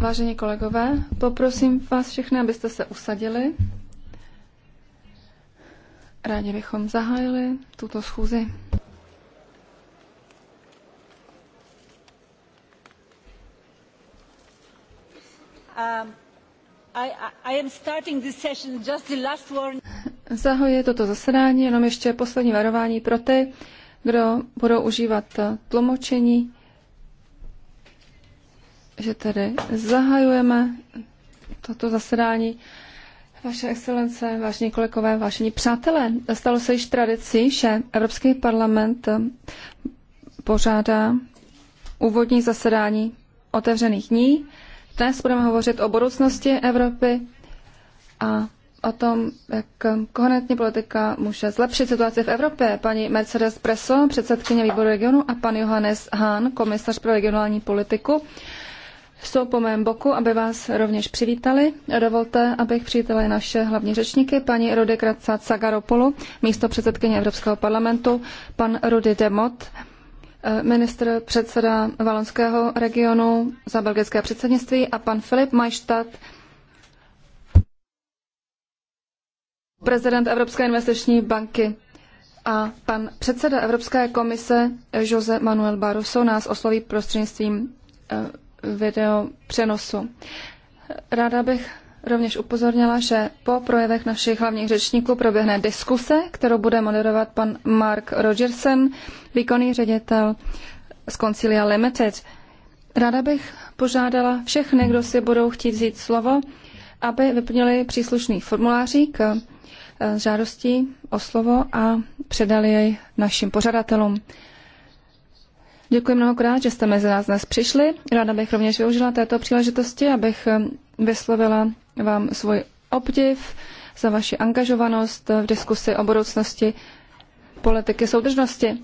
Vážení kolegové, poprosím vás všechny, abyste se usadili. Rádi bychom zahájili tuto schůzi. Um, I, am starting this session, just the last Zahoje toto zasedání, jenom ještě poslední varování pro ty, kdo budou užívat tlumočení, že tedy zahajujeme toto zasedání. Vaše excelence, vážení kolegové, vážení přátelé, stalo se již tradicí, že Evropský parlament pořádá úvodní zasedání otevřených dní. Dnes budeme hovořit o budoucnosti Evropy a o tom, jak koherentní politika může zlepšit situaci v Evropě. Paní Mercedes Preso, předsedkyně výboru regionu a pan Johannes Hahn, komisař pro regionální politiku, jsou po mém boku, aby vás rovněž přivítali. Dovolte, abych přivítala naše hlavní řečníky, paní Rudy Kratca Cagaropolu, místo předsedkyně Evropského parlamentu, pan Rudy Demot, ministr předseda Valonského regionu za belgické předsednictví a pan Filip Majštat, prezident Evropské investiční banky a pan předseda Evropské komise Jose Manuel Barroso nás osloví prostřednictvím eh, video přenosu. Ráda bych rovněž upozornila, že po projevech našich hlavních řečníků proběhne diskuse, kterou bude moderovat pan Mark Rogerson, výkonný ředitel z Concilia Limited. Ráda bych požádala všechny, kdo si budou chtít vzít slovo, aby vyplnili příslušný formulářík s eh, žádostí o slovo a předali jej našim pořadatelům. Děkuji mnohokrát, že jste mezi nás dnes přišli. Ráda bych rovněž využila této příležitosti, abych eh, vyslovila vám svůj obdiv za vaši angažovanost v diskusi o budoucnosti politiky soudržnosti.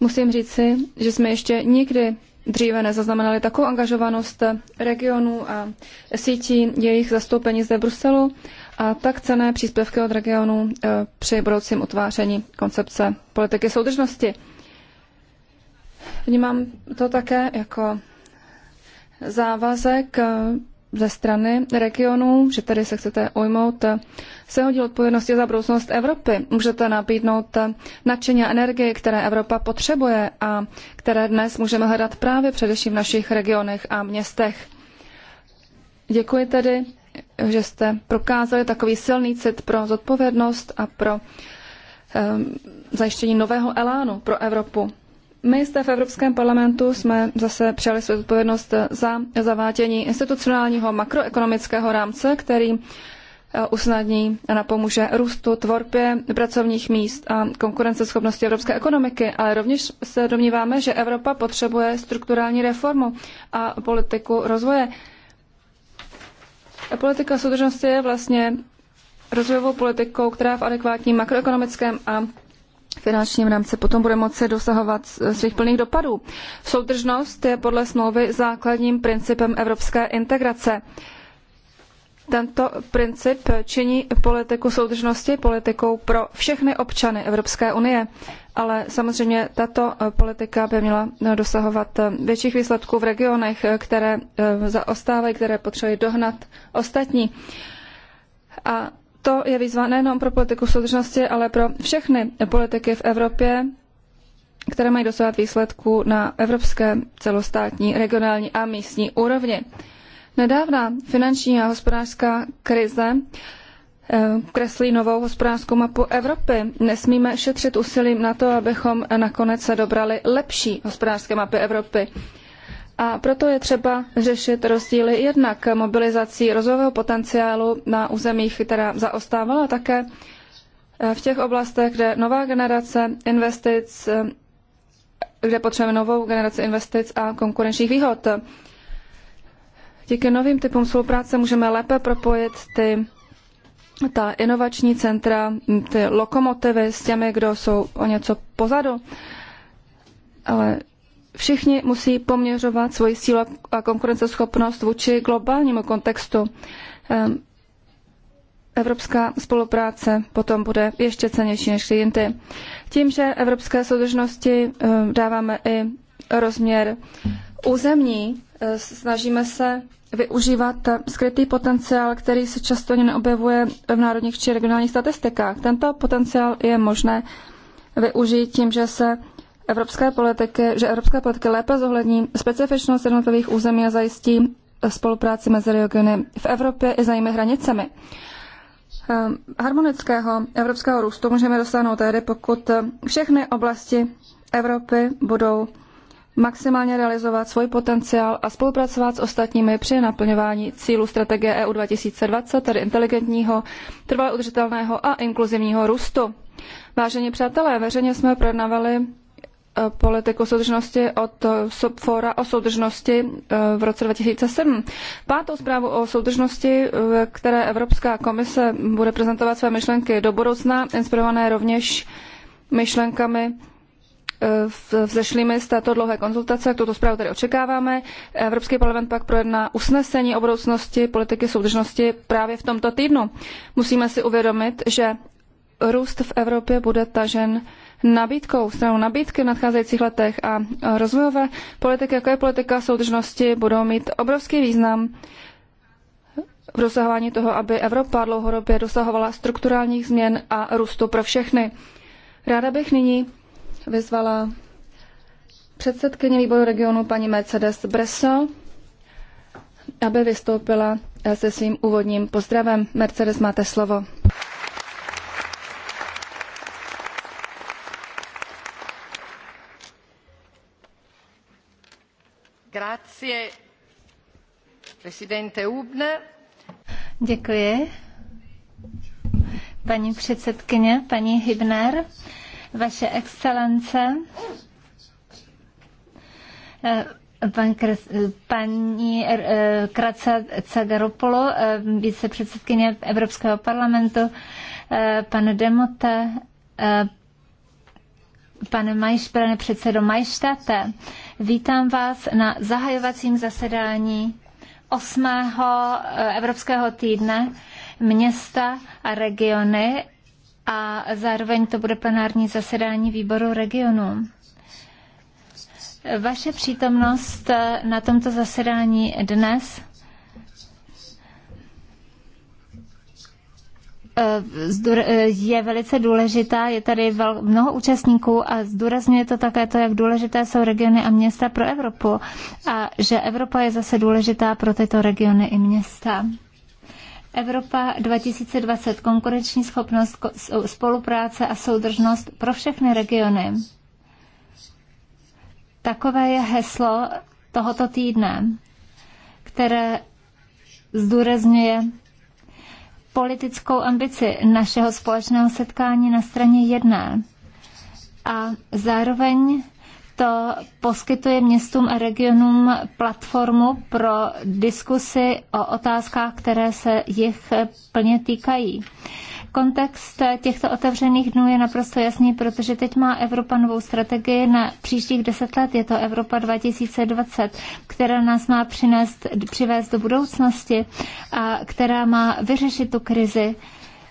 Musím říci, že jsme ještě nikdy dříve nezaznamenali takovou angažovanost regionů a sítí jejich zastoupení zde v Bruselu a tak cené příspěvky od regionu eh, při budoucím utváření koncepce politiky soudržnosti. Vnímám to také jako závazek eh, ze strany regionu, že tady se chcete ujmout eh, se hodí odpovědnosti za budoucnost Evropy. Můžete nabídnout nadšení a energie, které Evropa potřebuje a které dnes můžeme hledat právě především v našich regionech a městech. Děkuji tedy že jste prokázali takový silný cit pro zodpovědnost a pro um, zajištění nového elánu pro Evropu. My jste v Evropském parlamentu jsme zase přijali svou odpovědnost za zavádění institucionálního makroekonomického rámce, který uh, usnadní a napomůže růstu, tvorbě pracovních míst a konkurenceschopnosti evropské ekonomiky, ale rovněž se domníváme, že Evropa potřebuje strukturální reformu a politiku rozvoje Politika soudržnosti je vlastně rozvojovou politikou, která v adekvátním makroekonomickém a finančním rámci potom bude moci dosahovat svých plných dopadů. Soudržnost je podle smlouvy základním principem evropské integrace. Tento princip činí politiku soudržnosti politikou pro všechny občany Evropské unie, ale samozřejmě tato politika by měla dosahovat větších výsledků v regionech, které eh, zaostávají, které potřebují dohnat ostatní. A to je výzva nejenom pro politiku soudržnosti, ale pro všechny politiky v Evropě, které mají dosahovat výsledků na evropské, celostátní, regionální a místní úrovni. Nedávná finanční a hospodářská krize eh, kreslí novou hospodářskou mapu Evropy. Nesmíme šetřit úsilím na to, abychom nakonec se dobrali lepší hospodářské mapy Evropy. A proto je třeba řešit rozdíly jednak mobilizací rozvojového potenciálu na územích, která zaostávala také eh, v těch oblastech, kde nová generace investic, eh, kde potřebujeme novou generaci investic a konkurenčních výhod. Díky novým typům spolupráce můžeme lépe propojit ty ta inovační centra, ty lokomotivy s těmi, kdo jsou o něco pozadu. Ale všichni musí poměřovat svoji sílu a konkurenceschopnost vůči globálnímu kontextu. Ehm, evropská spolupráce potom bude ještě cenější než jindy. Tím, že evropské soudržnosti ehm, dáváme i rozměr územní, ehm, snažíme se využívat skrytý potenciál, který se často ani neobjevuje v národních či regionálních statistikách. Tento potenciál je možné využít tím, že se evropské politiky, že evropské politiky lépe zohlední specifičnost jednotlivých území a zajistí spolupráci mezi regiony v Evropě i za jejími hranicemi. Ehm, harmonického evropského růstu můžeme dosáhnout tehdy, pokud všechny oblasti Evropy budou maximálně realizovat svůj potenciál a spolupracovat s ostatními při naplňování cílů strategie EU 2020, tedy inteligentního, trvale udržitelného a inkluzivního růstu. Vážení přátelé, veřejně jsme projednávali e, politiku soudržnosti od e, Fóra o soudržnosti e, v roce 2007. Pátou zprávu o soudržnosti, které Evropská komise bude prezentovat své myšlenky do budoucna, inspirované rovněž myšlenkami Eh, vzešlými z této dlouhé konzultace, tuto zprávu tedy očekáváme. Evropský parlament pak projedná usnesení o budoucnosti politiky soudržnosti právě v tomto týdnu. Musíme si uvědomit, že růst v Evropě bude tažen nabídkou, stranou nabídky v nadcházejících letech a rozvojové politiky, jako je politika soudržnosti, budou mít obrovský význam v dosahování toho, aby Evropa dlouhodobě dosahovala strukturálních změn a růstu pro všechny. Ráda bych nyní vyzvala předsedkyně výboru regionu paní Mercedes Bresso, aby vystoupila se svým úvodním pozdravem. Mercedes, máte slovo. Grazie, presidente Hubner. Děkuji. Paní předsedkyně, paní Hybner vaše excelence, eh, Pan, paní eh, Kraca Cagaropolo, eh, vicepředsedkyně Evropského parlamentu, pan Demote, pane Majš, předsedo Majštate, vítám vás na zahajovacím zasedání 8. Evropského týdne města a regiony a zároveň to bude plenární zasedání výboru regionu. Vaše přítomnost na tomto zasedání dnes eh, je velice důležitá. Je tady mnoho účastníků a zdůrazňuje to také to, jak důležité jsou regiony a města pro Evropu a že Evropa je zase důležitá pro tyto regiony i města. Evropa 2020, konkurenční schopnost, spolupráce a soudržnost pro všechny regiony. Takové je heslo tohoto týdne, které zdůrazňuje politickou ambici našeho společného setkání na straně jedné a zároveň to poskytuje městům a regionům platformu pro diskusy o otázkách, které se jich plně týkají. Kontext těchto otevřených dnů je naprosto jasný, protože teď má Evropa novou strategii na příštích deset let. Je to Evropa 2020, která nás má přinést, přivést do budoucnosti a která má vyřešit tu krizi,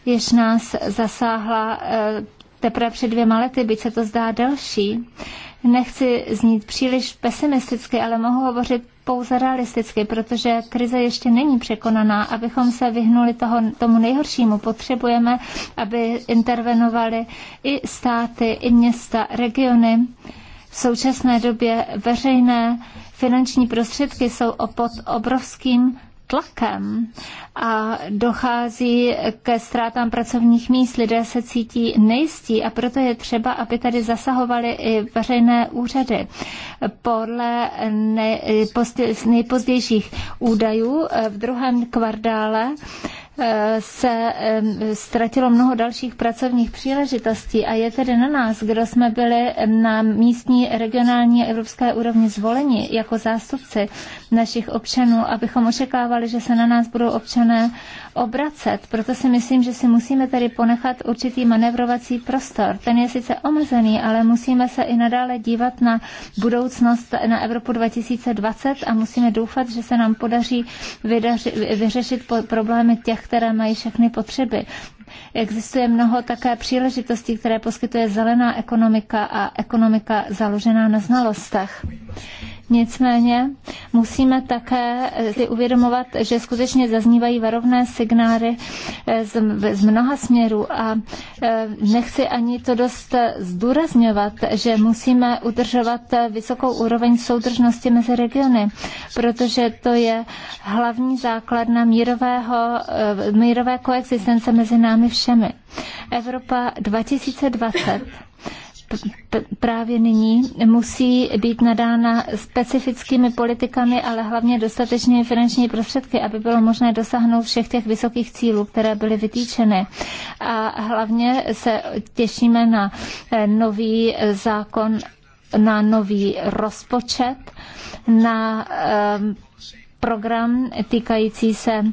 jež nás zasáhla eh, teprve před dvěma lety, byť se to zdá delší nechci znít příliš pesimisticky, ale mohu hovořit pouze realisticky, protože krize ještě není překonaná. Abychom se vyhnuli toho, tomu nejhoršímu, potřebujeme, aby intervenovaly i státy, i města, regiony. V současné době veřejné finanční prostředky jsou pod obrovským tlakem a dochází ke ztrátám pracovních míst, lidé se cítí nejistí a proto je třeba, aby tady zasahovaly i veřejné úřady. Podle nejpozdějších údajů eh, v druhém kvartále se ztratilo mnoho dalších pracovních příležitostí a je tedy na nás, kdo jsme byli na místní, regionální a evropské úrovni zvoleni jako zástupci našich občanů, abychom očekávali, že se na nás budou občané obracet. Proto si myslím, že si musíme tedy ponechat určitý manevrovací prostor. Ten je sice omezený, ale musíme se i nadále dívat na budoucnost na Evropu 2020 a musíme doufat, že se nám podaří vydaři, vyřešit problémy těch, které mají všechny potřeby. Existuje mnoho také příležitostí, které poskytuje zelená ekonomika a ekonomika založená na znalostech. Nicméně musíme také eh, si uvědomovat, že skutečně zaznívají varovné signály eh, z, z mnoha směrů a eh, nechci ani to dost zdůrazňovat, že musíme udržovat vysokou úroveň soudržnosti mezi regiony, protože to je hlavní základna mírového, mírové koexistence mezi námi všemi. Evropa 2020 právě nyní musí být nadána specifickými politikami, ale hlavně dostatečnými finanční prostředky, aby bylo možné dosáhnout všech těch vysokých cílů, které byly vytýčeny. A hlavně se těšíme na eh, nový eh, zákon, na nový rozpočet, na eh, program týkající se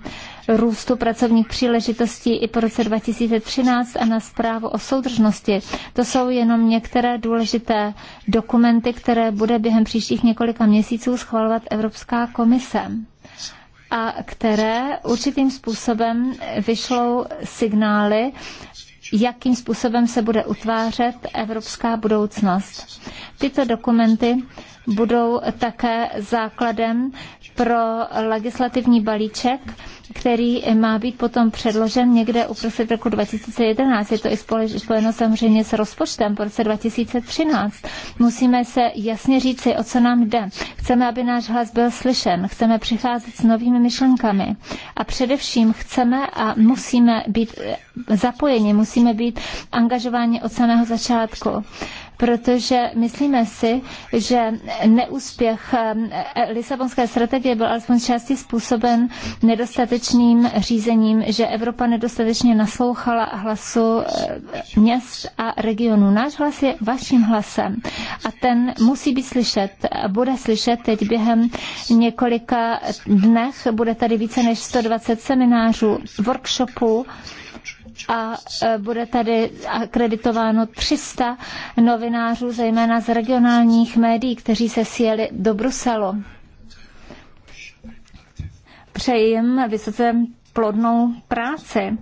růstu pracovních příležitostí i po roce 2013 a na zprávu o soudržnosti. To jsou jenom některé důležité dokumenty, které bude během příštích několika měsíců schvalovat Evropská komise a které určitým způsobem vyšlou signály jakým způsobem se bude utvářet evropská budoucnost. Tyto dokumenty budou také základem pro legislativní balíček, který má být potom předložen někde uprostřed roku 2011. Je to i spojeno samozřejmě s rozpočtem v roce 2013. Musíme se jasně říci, o co nám jde. Chceme, aby náš hlas byl slyšen, chceme přicházet s novými myšlenkami a především chceme a musíme být zapojeni, musíme být angažováni od samého začátku protože myslíme si, že neúspěch ehm, Lisabonské strategie byl alespoň části způsoben nedostatečným řízením, že Evropa nedostatečně naslouchala hlasu ehm, měst a regionů. Náš hlas je vaším hlasem a ten musí být slyšet bude slyšet teď během několika dnech. Bude tady více než 120 seminářů, workshopů, a e, bude tady akreditováno 300 novinářů, zejména z regionálních médií, kteří se sjeli do Bruselu. Přeji jim vysoce plodnou práci,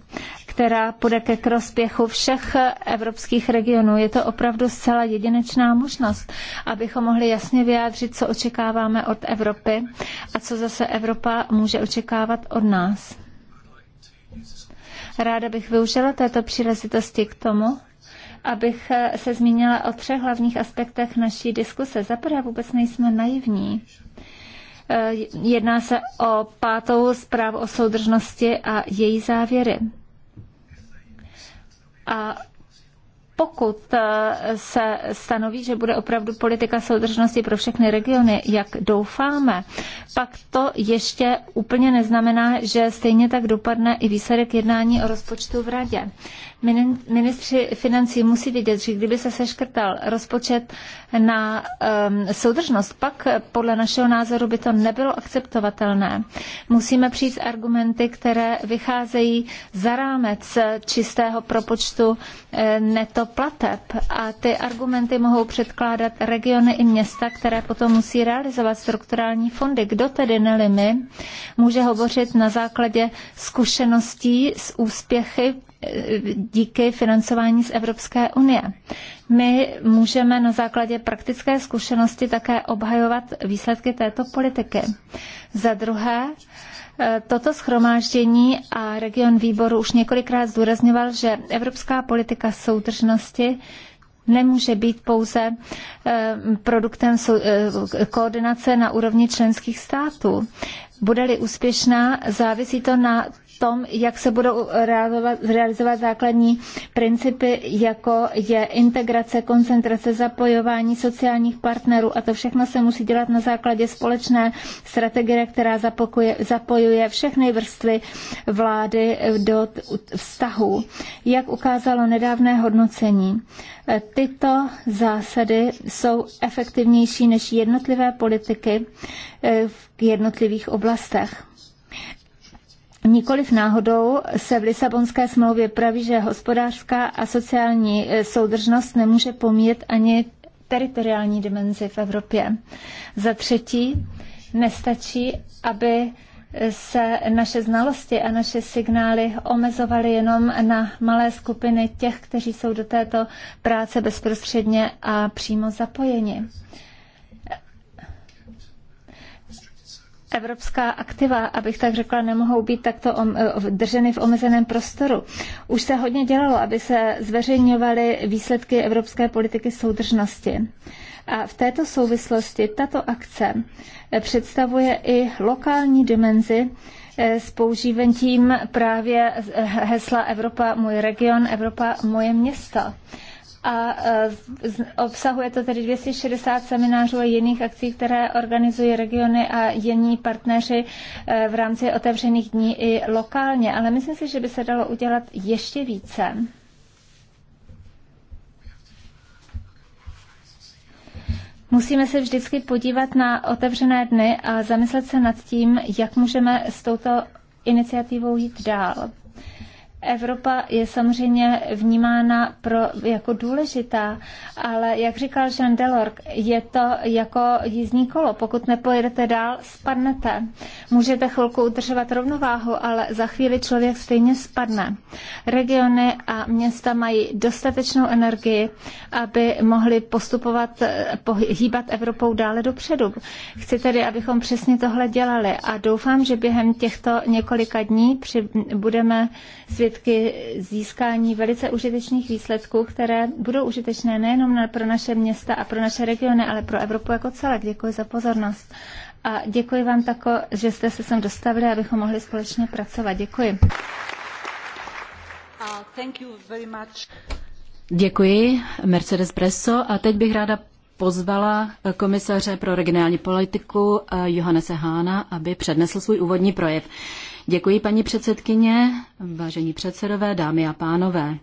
která půjde ke prospěchu všech evropských regionů. Je to opravdu zcela jedinečná možnost, abychom mohli jasně vyjádřit, co očekáváme od Evropy a co zase Evropa může očekávat od nás. Ráda bych využila této příležitosti k tomu, abych eh, se zmínila o třech hlavních aspektech naší diskuse. Za prvé vůbec nejsme naivní. Eh, jedná se o pátou zprávu o soudržnosti a její závěry. A pokud eh, se stanoví, že bude opravdu politika soudržnosti pro všechny regiony, jak doufáme, pak to ještě úplně neznamená, že stejně tak dopadne i výsledek jednání o rozpočtu v radě. Ministři financí musí vědět, že kdyby se seškrtal rozpočet na um, soudržnost, pak podle našeho názoru by to nebylo akceptovatelné. Musíme přijít argumenty, které vycházejí za rámec čistého propočtu eh, neto plateb a ty argumenty mohou předkládat regiony i města, které potom musí realizovat strukturální fondy. Kdo tedy nelimy může hovořit na základě zkušeností s úspěchy eh, díky financování z Evropské unie. My můžeme na základě praktické zkušenosti také obhajovat výsledky této politiky. Za druhé, E, toto schromáždění a region výboru už několikrát zdůrazňoval, že evropská politika soudržnosti nemůže být pouze e, produktem e, koordinace na úrovni členských států. Bude-li úspěšná, závisí to na tom, jak se budou realizovat základní principy, jako je integrace, koncentrace, zapojování sociálních partnerů a to všechno se musí dělat na základě společné strategie, která zapokuje, zapojuje všechny vrstvy vlády do vztahů. Jak ukázalo nedávné hodnocení, tyto zásady jsou efektivnější než jednotlivé politiky v jednotlivých oblastech. Nikoliv náhodou se v Lisabonské smlouvě praví, že hospodářská a sociální eh, soudržnost nemůže pomíjet ani teritoriální dimenzi v Evropě. Za třetí, nestačí, aby eh, se naše znalosti a naše signály omezovaly jenom na malé skupiny těch, kteří jsou do této práce bezprostředně a přímo zapojeni. evropská aktiva, abych tak řekla, nemohou být takto eh, drženy v omezeném prostoru. Už se hodně dělalo, aby se zveřejňovaly výsledky evropské politiky soudržnosti. A v této souvislosti tato akce eh, představuje i lokální dimenzi eh, s používením právě hesla Evropa můj region, Evropa moje město a e, obsahuje to tedy 260 seminářů a jiných akcí, které organizují regiony a jiní partneři e, v rámci otevřených dní i lokálně. Ale myslím si, že by se dalo udělat ještě více. Musíme se vždycky podívat na otevřené dny a zamyslet se nad tím, jak můžeme s touto iniciativou jít dál. Evropa je samozřejmě vnímána pro, jako důležitá, ale jak říkal Jean Delors, je to jako jízdní kolo. Pokud nepojedete dál, spadnete. Můžete chvilku udržovat rovnováhu, ale za chvíli člověk stejně spadne. Regiony a města mají dostatečnou energii, aby mohli postupovat, hýbat Evropou dále dopředu. Chci tedy, abychom přesně tohle dělali a doufám, že během těchto několika dní při, budeme svět prostředky získání velice užitečných výsledků, které budou užitečné nejenom pro naše města a pro naše regiony, ale pro Evropu jako celek. Děkuji za pozornost. A děkuji vám tako, že jste se sem dostavili, abychom mohli společně pracovat. Děkuji. Děkuji, Mercedes Bresso. A teď bych ráda pozvala komisaře pro regionální politiku eh, Johannese Hána, aby přednesl svůj úvodní projev. Děkuji, paní předsedkyně, vážení předsedové, dámy a pánové.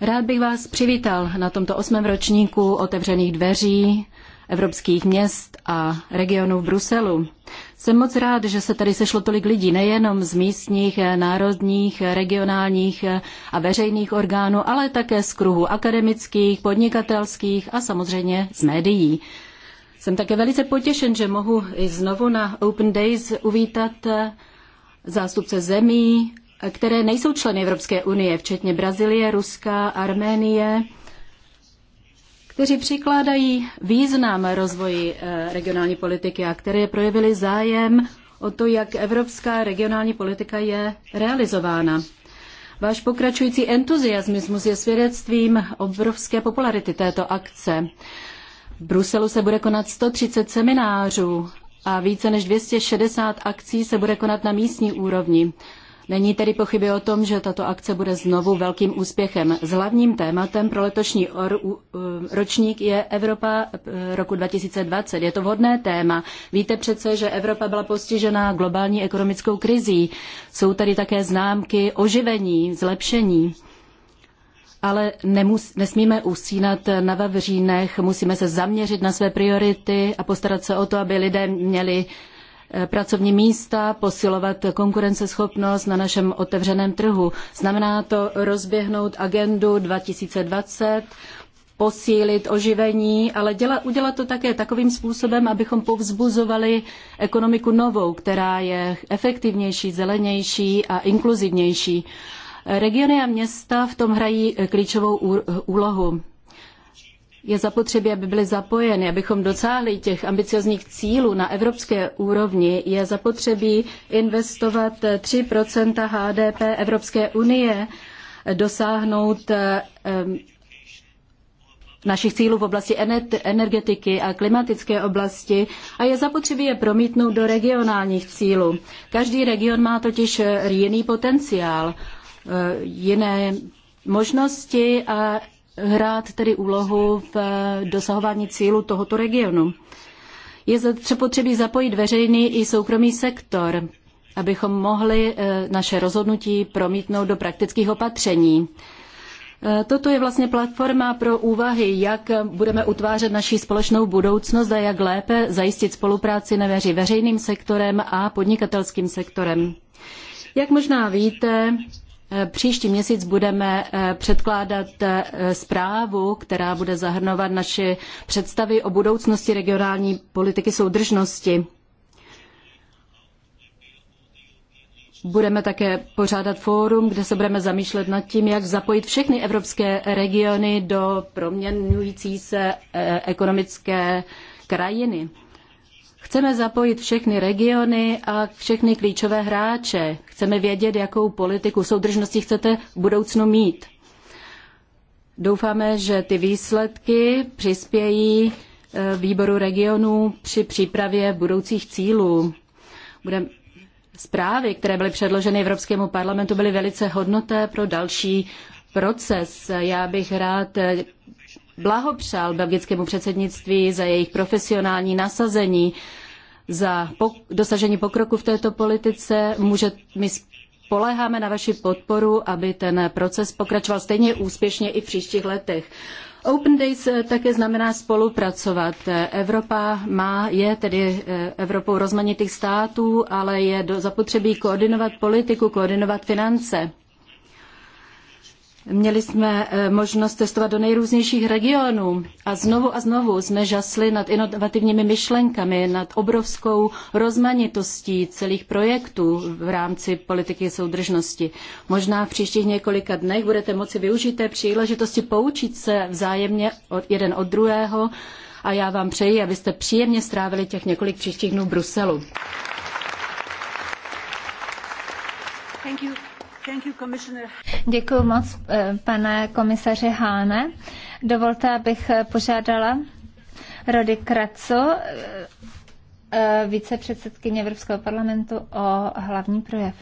Rád bych vás přivítal na tomto osmém ročníku otevřených dveří evropských měst a regionů v Bruselu. Jsem moc rád, že se tady sešlo tolik lidí, nejenom z místních, národních, regionálních a veřejných orgánů, ale také z kruhu akademických, podnikatelských a samozřejmě z médií. Jsem také velice potěšen, že mohu i znovu na Open Days uvítat eh, zástupce zemí, eh, které nejsou členy Evropské unie, včetně Brazílie, Ruska, Arménie, kteří přikládají význam rozvoji eh, regionální politiky a které projevili zájem o to, jak evropská regionální politika je realizována. Váš pokračující entuziasmus je svědectvím obrovské popularity této akce. V Bruselu se bude konat 130 seminářů a více než 260 akcí se bude konat na místní úrovni. Není tedy pochyby o tom, že tato akce bude znovu velkým úspěchem. S hlavním tématem pro letošní ročník je Evropa eh, roku 2020. Je to vhodné téma. Víte přece, že Evropa byla postižena globální ekonomickou krizí. Jsou tady také známky oživení, zlepšení ale nemus, nesmíme usínat na vavřínech, musíme se zaměřit na své priority a postarat se o to, aby lidé měli eh, pracovní místa, posilovat konkurenceschopnost na našem otevřeném trhu. Znamená to rozběhnout agendu 2020, posílit oživení, ale děla udělat to také takovým způsobem, abychom povzbuzovali ekonomiku novou, která je efektivnější, zelenější a inkluzivnější. Regiony a města v tom hrají eh, klíčovou eh, úlohu. Je zapotřebí, aby byly zapojeny, abychom docáhli těch ambiciozních cílů na evropské úrovni. Je zapotřebí investovat 3 eh, HDP Evropské unie, dosáhnout našich cílů v oblasti energetiky a klimatické oblasti a je zapotřebí je promítnout do regionálních cílů. Každý region má totiž jiný potenciál Eh, jiné možnosti a hrát tedy úlohu v eh, dosahování cílu tohoto regionu. Je zapotřebí zapojit veřejný i soukromý sektor, abychom mohli eh, naše rozhodnutí promítnout do praktických opatření. Toto je vlastně platforma pro úvahy, jak budeme utvářet naši společnou budoucnost a jak lépe zajistit spolupráci mezi veřejným sektorem a podnikatelským sektorem. Jak možná víte, Příští měsíc budeme eh, předkládat eh, zprávu, která bude zahrnovat naše představy o budoucnosti regionální politiky soudržnosti. Budeme také pořádat fórum, kde se budeme zamýšlet nad tím, jak zapojit všechny evropské regiony do proměňující se eh, ekonomické krajiny. Chceme zapojit všechny regiony a všechny klíčové hráče. Chceme vědět, jakou politiku soudržnosti chcete v budoucnu mít. Doufáme, že ty výsledky přispějí eh, výboru regionů při přípravě budoucích cílů. Budem... Zprávy, které byly předloženy Evropskému parlamentu, byly velice hodnoté pro další proces. Já bych rád eh, blahopřál belgickému předsednictví za jejich profesionální nasazení za dosažení pokroku v této politice. Může, my spoléháme na vaši podporu, aby ten proces pokračoval stejně úspěšně i v příštích letech. Open Days eh, také znamená spolupracovat. Evropa má, je tedy eh, Evropou rozmanitých států, ale je do zapotřebí koordinovat politiku, koordinovat finance. Měli jsme eh, možnost testovat do nejrůznějších regionů a znovu a znovu jsme žasli nad inovativními myšlenkami, nad obrovskou rozmanitostí celých projektů v rámci politiky soudržnosti. Možná v příštích několika dnech budete moci využít té příležitosti poučit se vzájemně od jeden od druhého a já vám přeji, abyste příjemně strávili těch několik příštích dnů v Bruselu. Thank you. Děkuji moc, eh, pane komisaři Háne. Dovolte, abych eh, požádala Rody Kraco, eh, vicepředsedkyně Evropského parlamentu, o hlavní projev.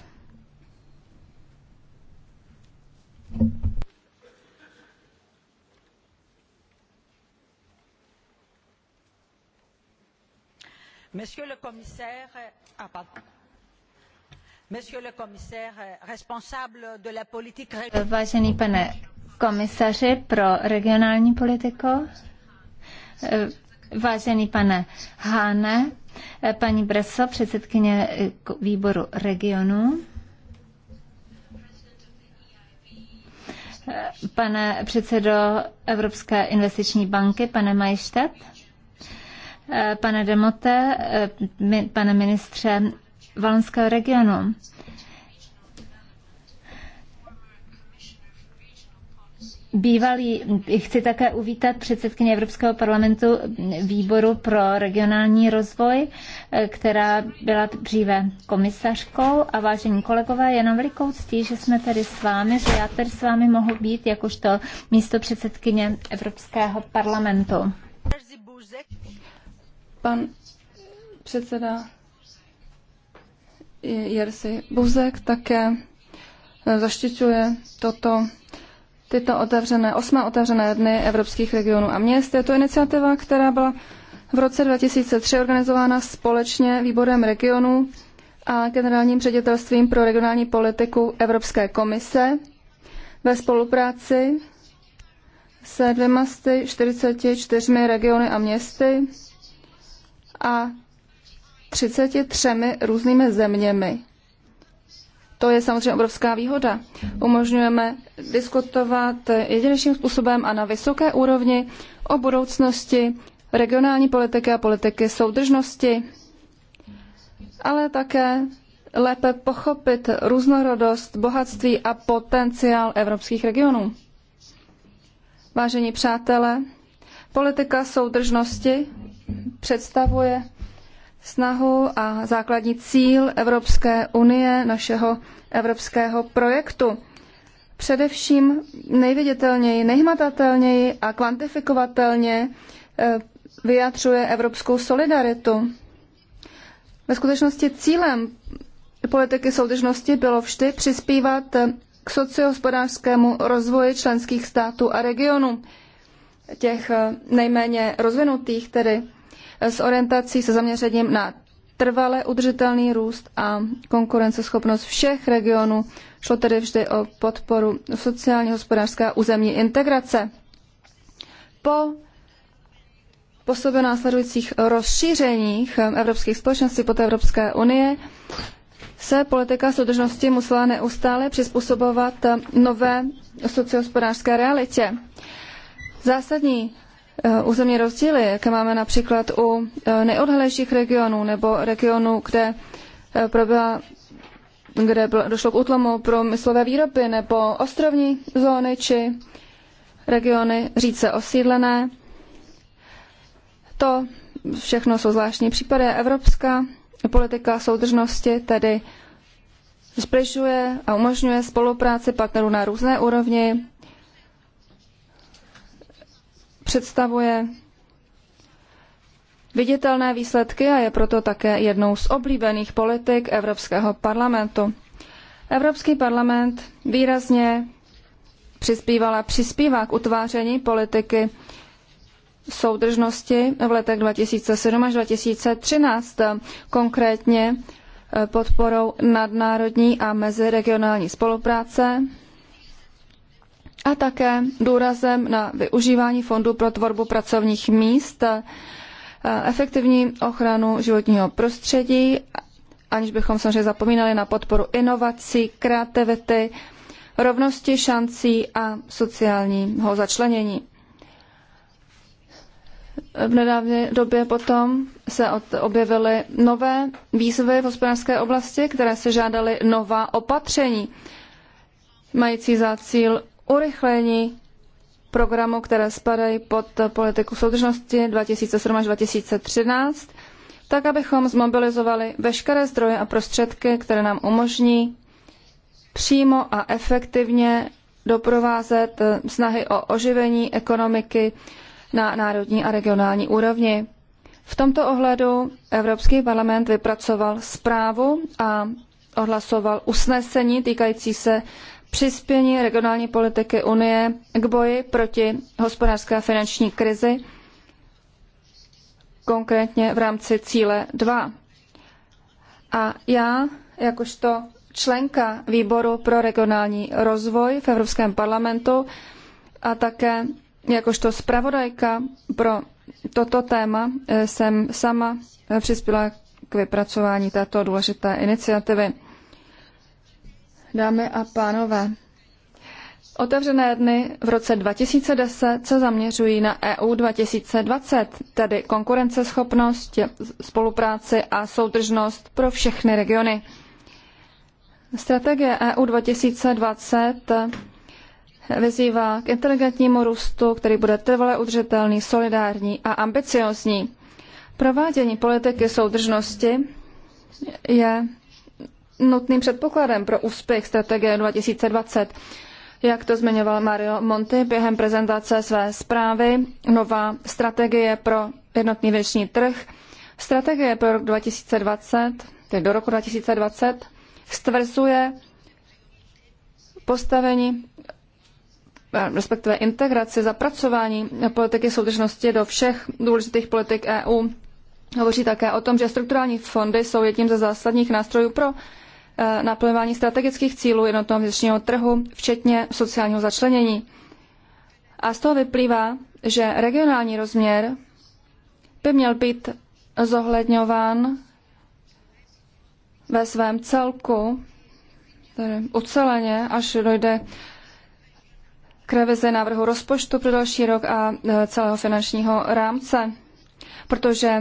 Monsieur le commissaire, ah, pardon. Vážený pane komisaři pro regionální politiku, vážený pane Háne, paní Bresso, předsedkyně výboru regionu, pane předsedo Evropské investiční banky, pane Majštet, pane Demote, pane ministře Valenského regionu. Bývalý, chci také uvítat předsedkyně Evropského parlamentu výboru pro regionální rozvoj, eh, která byla dříve komisařkou a vážení kolegové, je na velikou ctí, že jsme tady s vámi, že já tady s vámi mohu být jakožto místo předsedkyně Evropského parlamentu. Pan předseda Jerzy Buzek také eh, zaštiťuje toto, tyto otevřené, osmé otevřené dny evropských regionů a měst. Je to iniciativa, která byla v roce 2003 organizována společně výborem regionů a generálním ředitelstvím pro regionální politiku Evropské komise ve spolupráci se 244 regiony a městy a 33 různými zeměmi. To je samozřejmě obrovská výhoda. Umožňujeme diskutovat jedinečným způsobem a na vysoké úrovni o budoucnosti regionální politiky a politiky soudržnosti, ale také lépe pochopit různorodost, bohatství a potenciál evropských regionů. Vážení přátelé, politika soudržnosti představuje snahu a základní cíl Evropské unie, našeho evropského projektu. Především nejviditelněji, nejhmatatelněji a kvantifikovatelně eh, vyjadřuje evropskou solidaritu. Ve skutečnosti cílem politiky soudržnosti bylo vždy přispívat k sociohospodářskému rozvoji členských států a regionů, těch eh, nejméně rozvinutých tedy s orientací se zaměřením na trvale udržitelný růst a konkurenceschopnost všech regionů. Šlo tedy vždy o podporu sociální, hospodářské a územní integrace. Po po sobě následujících rozšířeních evropských společností pod Evropské unie se politika soudržnosti musela neustále přizpůsobovat nové sociohospodářské realitě. Zásadní Eh, územní rozdíly, jaké máme například u eh, nejodhalejších regionů nebo regionů, kde eh, proběhla kde došlo k útlomu průmyslové výroby nebo ostrovní zóny či regiony říce osídlené. To všechno jsou zvláštní případy. Evropská politika soudržnosti tedy zbližuje a umožňuje spolupráci partnerů na různé úrovni, představuje viditelné výsledky a je proto také jednou z oblíbených politik Evropského parlamentu. Evropský parlament výrazně přispíval a přispívá k utváření politiky soudržnosti v letech 2007 až 2013, konkrétně podporou nadnárodní a meziregionální spolupráce, a také důrazem na využívání fondu pro tvorbu pracovních míst, eh, efektivní ochranu životního prostředí, aniž bychom samozřejmě zapomínali na podporu inovací, kreativity, rovnosti šancí a sociálního začlenění. V nedávné době potom se objevily nové výzvy v hospodářské oblasti, které se žádaly nová opatření, mající za cíl urychlení programu, které spadají pod politiku soudržnosti 2007 až 2013, tak abychom zmobilizovali veškeré zdroje a prostředky, které nám umožní přímo a efektivně doprovázet snahy o oživení ekonomiky na národní a regionální úrovni. V tomto ohledu Evropský parlament vypracoval zprávu a odhlasoval usnesení týkající se přispění regionální politiky Unie k boji proti hospodářské a finanční krizi, konkrétně v rámci cíle 2. A já, jakožto členka výboru pro regionální rozvoj v Evropském parlamentu a také jakožto zpravodajka pro toto téma eh, jsem sama přispěla k vypracování této důležité iniciativy. Dámy a pánové, Otevřené dny v roce 2010 se zaměřují na EU 2020, tedy konkurenceschopnost, spolupráci a soudržnost pro všechny regiony. Strategie EU 2020 vyzývá k inteligentnímu růstu, který bude trvale udržitelný, solidární a ambiciózní. Provádění politiky soudržnosti je nutným předpokladem pro úspěch strategie 2020. Jak to zmiňoval Mario Monti během prezentace své zprávy, nová strategie pro jednotný věční trh, strategie pro rok 2020, tedy do roku 2020, stvrzuje postavení respektive integraci, zapracování politiky soudržnosti do všech důležitých politik EU. Hovoří také o tom, že strukturální fondy jsou jedním ze zásadních nástrojů pro Eh, naplňování strategických cílů jednotného vnitřního trhu, včetně sociálního začlenění. A z toho vyplývá, že regionální rozměr by měl být zohledňován ve svém celku, tedy uceleně, až dojde k revizi návrhu rozpočtu pro další rok a eh, celého finančního rámce, protože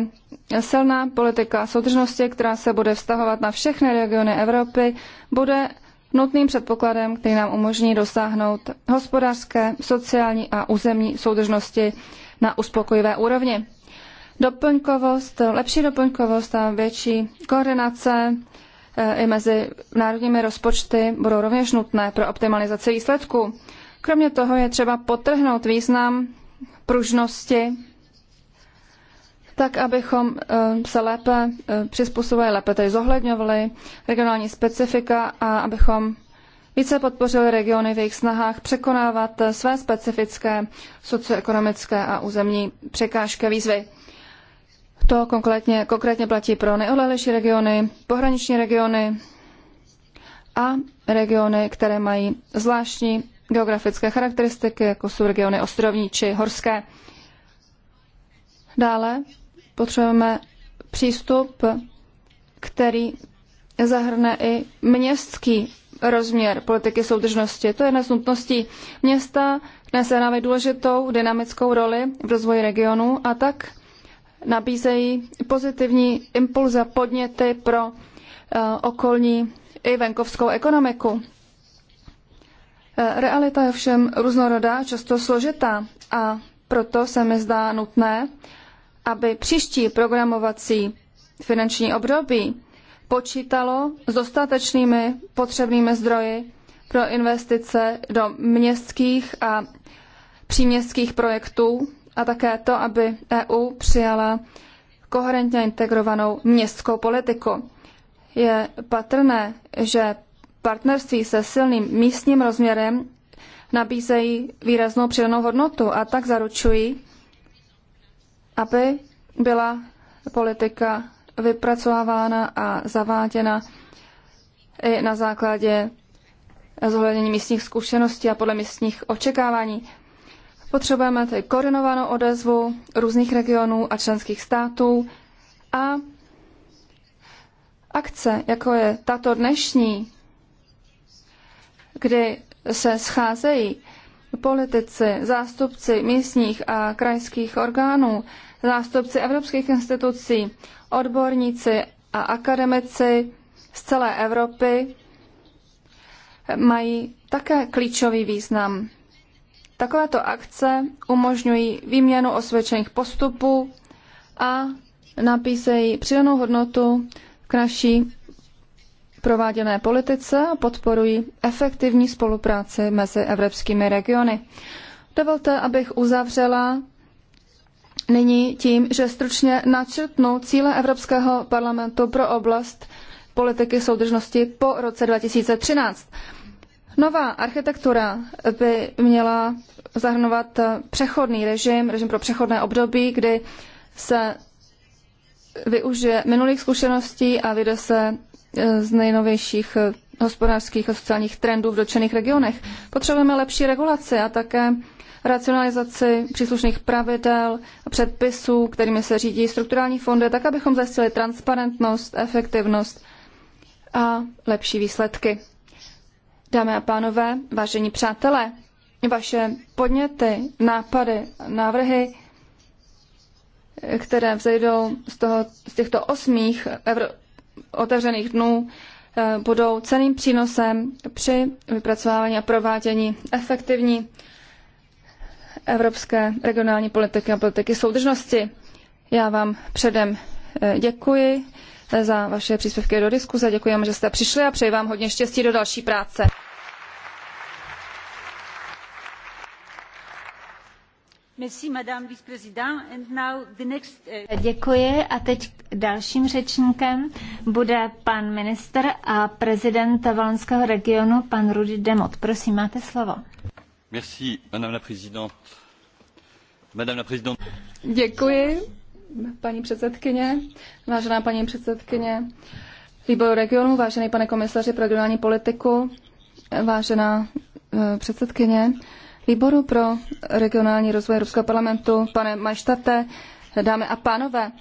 silná politika soudržnosti, která se bude vztahovat na všechny regiony Evropy, bude nutným předpokladem, který nám umožní dosáhnout hospodářské, sociální a územní soudržnosti na uspokojivé úrovni. Doplňkovost, lepší doplňkovost a větší koordinace eh, i mezi národními rozpočty budou rovněž nutné pro optimalizaci výsledků. Kromě toho je třeba potrhnout význam pružnosti tak abychom eh, se lépe eh, přizpůsobili, lépe tedy zohledňovali regionální specifika a abychom více podpořili regiony v jejich snahách překonávat eh, své specifické socioekonomické a územní překážky výzvy. To konkrétně, konkrétně platí pro nejodlehlejší regiony, pohraniční regiony a regiony, které mají zvláštní geografické charakteristiky, jako jsou regiony ostrovní či horské. Dále Potřebujeme přístup, který zahrne i městský rozměr politiky soudržnosti. To je jedna z nutností města, dnes hrávají důležitou dynamickou roli v rozvoji regionu a tak nabízejí pozitivní impulz podněty pro eh, okolní i venkovskou ekonomiku. Eh, realita je všem různorodá, často složitá a proto se mi zdá nutné, aby příští programovací finanční období počítalo s dostatečnými potřebnými zdroji pro investice do městských a příměstských projektů a také to, aby EU přijala koherentně integrovanou městskou politiku. Je patrné, že partnerství se silným místním rozměrem nabízejí výraznou přidanou hodnotu a tak zaručují, aby byla politika vypracovávána a zaváděna i na základě zohlednění místních zkušeností a podle místních očekávání. Potřebujeme tedy koordinovanou odezvu různých regionů a členských států a akce, jako je tato dnešní, kdy se scházejí politici, zástupci místních a krajských orgánů, zástupci evropských institucí, odborníci a akademici z celé Evropy mají také klíčový význam. Takovéto akce umožňují výměnu osvědčených postupů a napísejí přidanou hodnotu k naší prováděné politice a podporují efektivní spolupráci mezi evropskými regiony. Dovolte, abych uzavřela nyní tím, že stručně načrtnu cíle Evropského parlamentu pro oblast politiky soudržnosti po roce 2013. Nová architektura by měla zahrnovat přechodný režim, režim pro přechodné období, kdy se využije minulých zkušeností a vyjde se z nejnovějších eh, hospodářských a sociálních trendů v dotčených regionech. Potřebujeme lepší regulaci a také racionalizaci příslušných pravidel a předpisů, kterými se řídí strukturální fondy, tak abychom zajistili transparentnost, efektivnost a lepší výsledky. Dámy a pánové, vážení přátelé, vaše podněty, nápady, návrhy, které vzejdou z, toho, z těchto osmých otevřených dnů eh, budou ceným přínosem při vypracování a provádění efektivní evropské regionální politiky a politiky soudržnosti. Já vám předem eh, děkuji eh, za vaše příspěvky do diskuze, děkuji vám, že jste přišli a přeji vám hodně štěstí do další práce. Eh, Děkuji a teď dalším řečníkem bude pan minister a prezident Valonského regionu, pan Rudy Demot. Prosím, máte slovo. Merci, madame la présidente. Madame la présidente. Děkuji, paní předsedkyně, vážená paní předsedkyně výboru regionu, vážený pane komisaři pro regionální politiku, vážená eh, předsedkyně, výboru pro regionální rozvoj Evropského parlamentu, pane Majštate, dámy a pánové.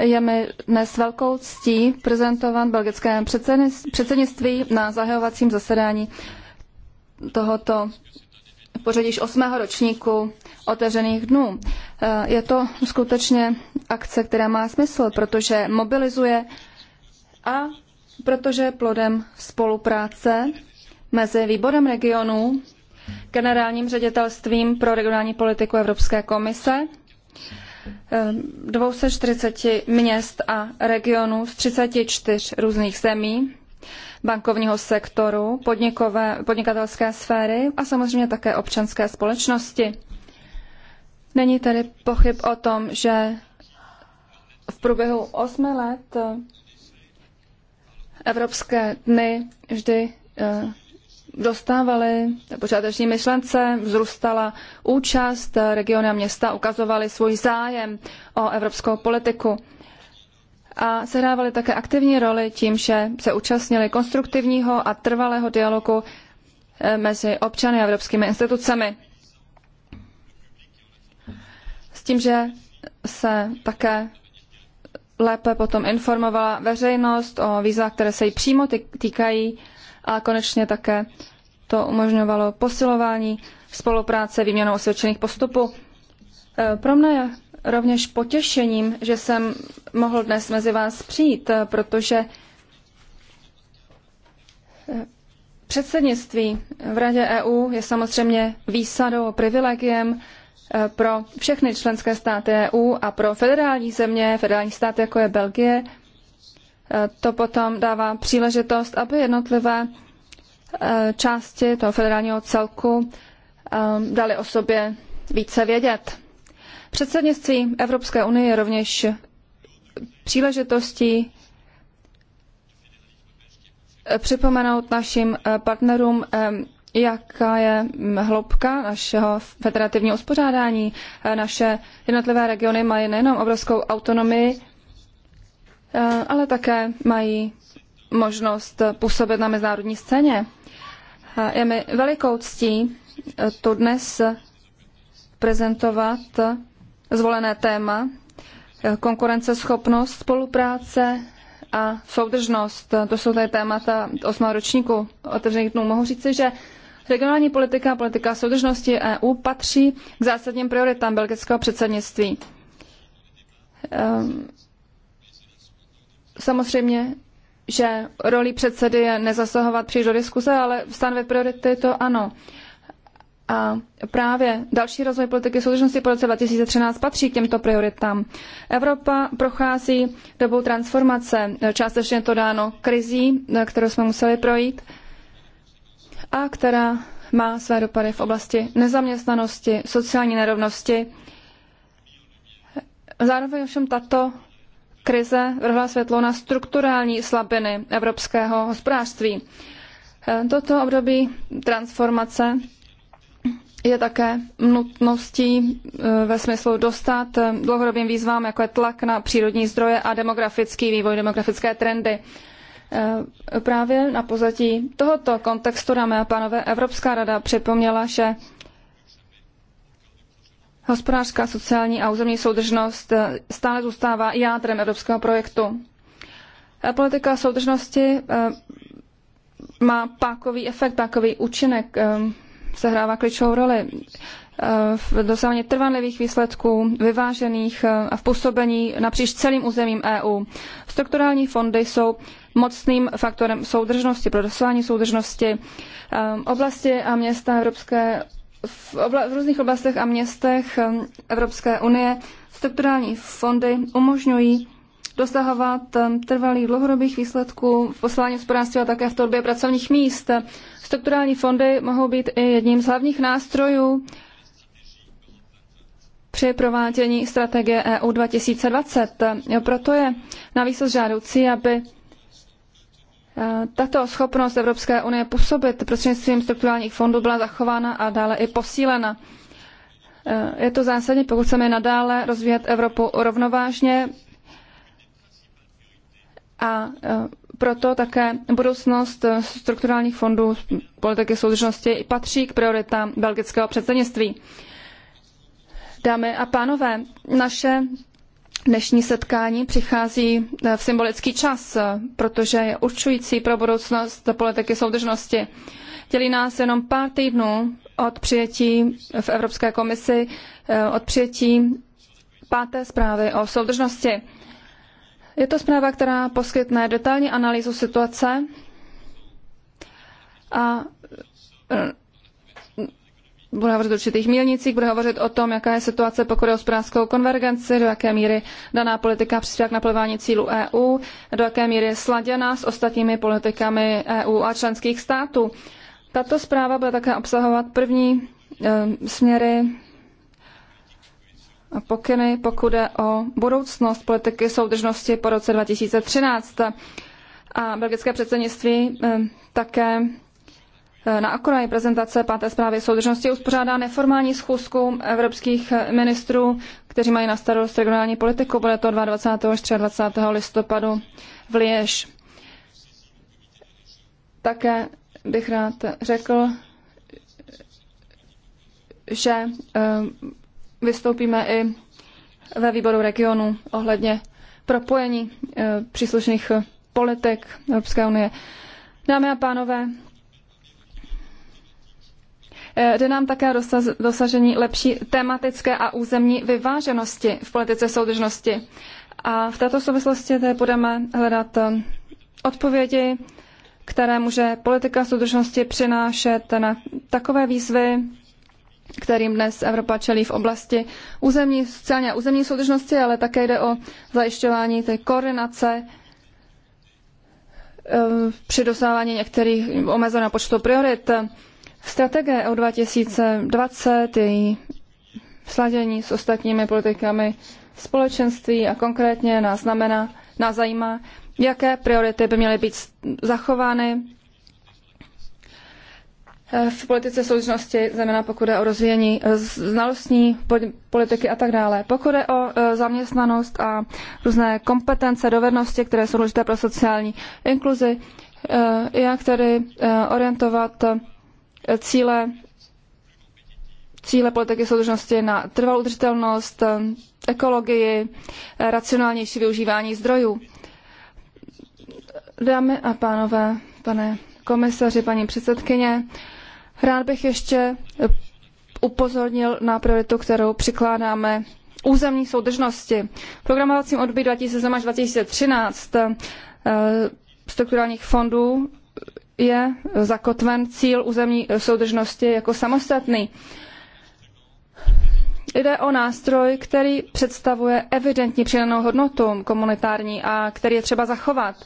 Je mi dnes velkou ctí prezentovat belgické předsednictví na zahajovacím zasedání tohoto pořadíž osmého ročníku otevřených dnů. Eh, je to skutečně akce, která má smysl, protože mobilizuje a protože plodem spolupráce mezi výborem regionů generálním ředitelstvím pro regionální politiku Evropské komise 240 eh, měst a regionů z 34 různých zemí, bankovního sektoru, podnikové, podnikatelské sféry a samozřejmě také občanské společnosti. Není tedy pochyb o tom, že v průběhu osmi let eh, Evropské dny vždy eh, dostávali počáteční myšlence, vzrůstala účast, eh, regiony a města ukazovaly svůj zájem o evropskou politiku a sehrávali také aktivní roli tím, že se účastnili konstruktivního a trvalého dialogu eh, mezi občany a evropskými institucemi. S tím, že se také lépe potom informovala veřejnost o vízách, které se jí přímo týkají a konečně také to umožňovalo posilování spolupráce výměnou osvědčených postupů. E, pro mne je rovněž potěšením, že jsem mohl dnes mezi vás přijít, e, protože e, předsednictví v Radě EU je samozřejmě výsadou, privilegiem pro všechny členské státy EU a pro federální země, federální státy jako je Belgie, to potom dává příležitost, aby jednotlivé eh, části toho federálního celku eh, dali o sobě více vědět. Předsednictví Evropské unie je rovněž příležitostí eh, připomenout našim partnerům, jaká je hm, hloubka našeho federativního uspořádání. Naše jednotlivé regiony mají nejenom obrovskou autonomii, Eh, ale také mají možnost působit na mezinárodní scéně. Eh, je mi velikou ctí eh, tu dnes prezentovat zvolené téma konkurenceschopnost, spolupráce a soudržnost. To jsou tady témata 8. ročníku otevřených dnů. Mohu říci, že regionální politika a politika soudržnosti EU patří k zásadním prioritám belgického předsednictví. Ehm, Samozřejmě, že roli předsedy je nezasahovat příliš do diskuse, ale stanovit priority to ano. A právě další rozvoj politiky soudržnosti po roce 2013 patří k těmto prioritám. Evropa prochází dobou transformace, částečně je to dáno krizí, kterou jsme museli projít, a která má své dopady v oblasti nezaměstnanosti, sociální nerovnosti. Zároveň ovšem tato Krize vrhla světlo na strukturální slabiny evropského hospodářství. Eh, Toto období transformace je také nutností eh, ve smyslu dostat eh, dlouhodobým výzvám, jako je tlak na přírodní zdroje a demografický vývoj, demografické trendy. Právě na pozadí tohoto kontextu, dámy a pánové, Evropská rada připomněla, že Hospodářská, sociální a územní soudržnost eh, stále zůstává jádrem evropského projektu. Eh, politika soudržnosti eh, má pákový efekt, pákový účinek, sehrává klíčovou roli v dosávání trvanlivých výsledků, vyvážených a v působení napříč celým územím EU. Strukturální fondy jsou mocným faktorem soudržnosti, pro dosávání soudržnosti. Oblasti a města Evropské v, obla- v různých oblastech a městech um, Evropské unie strukturální fondy umožňují dosahovat um, trvalých dlouhodobých výsledků v poslání hospodářství a také v tvorbě pracovních míst. Strukturální fondy mohou být i jedním z hlavních nástrojů při provádění strategie EU 2020. Proto je navíc žádoucí, aby tato schopnost Evropské unie působit prostřednictvím strukturálních fondů byla zachována a dále i posílena. Je to zásadní, pokud chceme nadále rozvíjet Evropu rovnovážně a proto také budoucnost strukturálních fondů politiky soudržnosti patří k prioritám belgického předsednictví. Dámy a pánové, naše dnešní setkání přichází eh, v symbolický čas, eh, protože je určující pro budoucnost politiky soudržnosti. Dělí nás jenom pár týdnů od přijetí v Evropské komisi, eh, od přijetí páté zprávy o soudržnosti. Je to zpráva, která poskytne detailní analýzu situace a bude hovořit o určitých mílnicích, bude hovořit o tom, jaká je situace, pokud je hospodářskou konvergenci, do jaké míry daná politika přispívá k naplňování cílu e EU, do jaké míry je sladěna s ostatními politikami EU a členských států. Tato zpráva bude také obsahovat první e, směry a pokyny, pokud je o budoucnost politiky soudržnosti po roce 2013. A belgické předsednictví e, také Eh, na okraji prezentace páté zprávy soudržnosti uspořádá neformální schůzku evropských ministrů, kteří mají na starost regionální politiku. Bude to 22. až 23. listopadu v Liež. Také bych rád řekl, že eh, vystoupíme i ve výboru regionu ohledně propojení eh, příslušných politik Evropské unie. Dámy a pánové, Eh, jde nám také dosažení lepší tematické a územní vyváženosti v politice soudržnosti. A v této souvislosti tedy budeme hledat eh, odpovědi, které může politika soudržnosti přinášet na takové výzvy, kterým dnes Evropa čelí v oblasti územní, sociální a územní soudržnosti, ale také jde o zajišťování té koordinace eh, při dosávání některých omezeného počtu priorit. Strategie EU 2020, její sladění s ostatními politikami společenství a konkrétně nás, znamená, nás zajímá, jaké priority by měly být zachovány v politice soudržnosti, zejména pokud je o rozvíjení znalostní politiky a tak dále. Pokud je o e, zaměstnanost a různé kompetence, dovednosti, které jsou důležité pro sociální inkluzi, e, jak tedy e, orientovat cíle, cíle politiky soudržnosti na trvalou udržitelnost, ekologii, racionálnější využívání zdrojů. Dámy a pánové, pane komisaři, paní předsedkyně, rád bych ještě upozornil na prioritu, kterou přikládáme územní soudržnosti. V programovacím období 2007 až 2013 eh, strukturálních fondů je zakotven cíl územní soudržnosti jako samostatný. Jde o nástroj, který představuje evidentní přidanou hodnotu komunitární a který je třeba zachovat.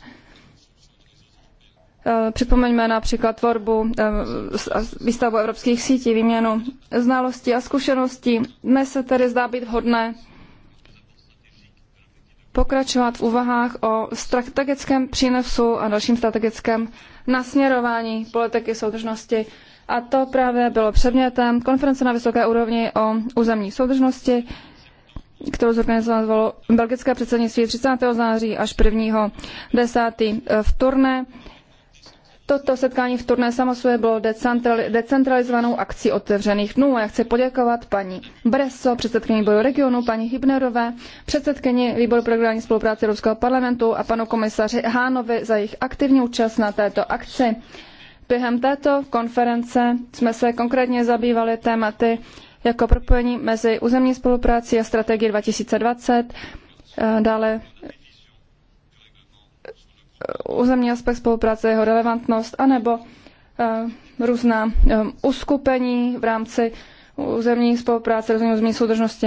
E, připomeňme například tvorbu, e, výstavu evropských sítí, výměnu znalostí a zkušeností. Dnes se tedy zdá být hodné pokračovat v úvahách o strategickém přínosu a dalším strategickém nasměrování politiky soudržnosti. A to právě bylo předmětem konference na vysoké úrovni o územní soudržnosti, kterou zorganizovalo belgické předsednictví 30. září až 1. 10. v Turné. Toto setkání v turné samosvě bylo decentralizovanou akcí otevřených dnů a já chci poděkovat paní Breso, předsedkyni výboru regionu, paní Hybnerové, předsedkyni výboru pro regionální spolupráci Evropského parlamentu a panu komisaři Hánovi za jejich aktivní účast na této akci. Během této konference jsme se konkrétně zabývali tématy jako propojení mezi územní spoluprací a strategií 2020, eh, dále Eh, územní aspekt spolupráce, jeho relevantnost, anebo eh, různá eh, uskupení v rámci územní spolupráce, různých územní soudržnosti.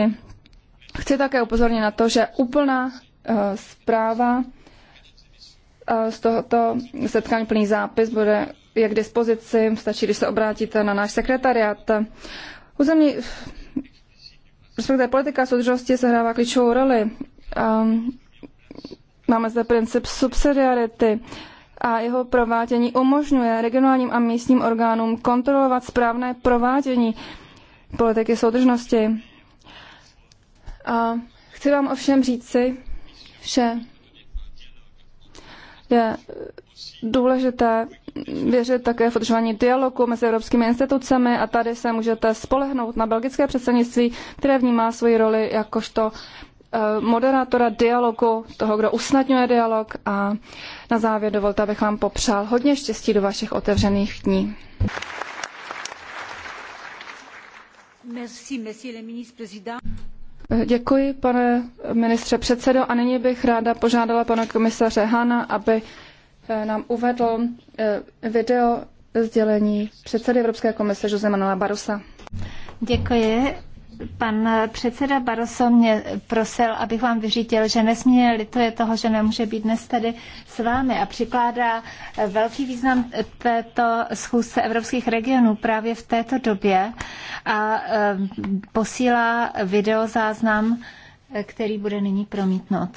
Chci také upozornit na to, že úplná zpráva z tohoto setkání plný zápis bude je k dispozici, stačí, když se obrátíte na náš sekretariat. Územní respektive politika soudržnosti sehrává klíčovou roli. Ehm, Máme zde princip subsidiarity a jeho provádění umožňuje regionálním a místním orgánům kontrolovat správné provádění politiky soudržnosti. A chci vám ovšem říci, že je důležité věřit také v udržování dialogu mezi evropskými institucemi a tady se můžete spolehnout na belgické předsednictví, které vnímá svoji roli jakožto Eh, moderátora dialogu, toho, kdo usnadňuje dialog a na závěr dovolte, abych vám popřál hodně štěstí do vašich otevřených dní. Merci, eh, Děkuji, pane ministře předsedo. A nyní bych ráda požádala pana komisaře Hana, aby eh, nám uvedl video sdělení předsedy Evropské komise Jose Manuela Barosa. Děkuji. Pan předseda Barroso mě prosil, abych vám vyřítil, že nesmírně lituje toho, že nemůže být dnes tady s vámi a přikládá velký význam této schůzce evropských regionů právě v této době a e, posílá videozáznam, který bude nyní promítnut.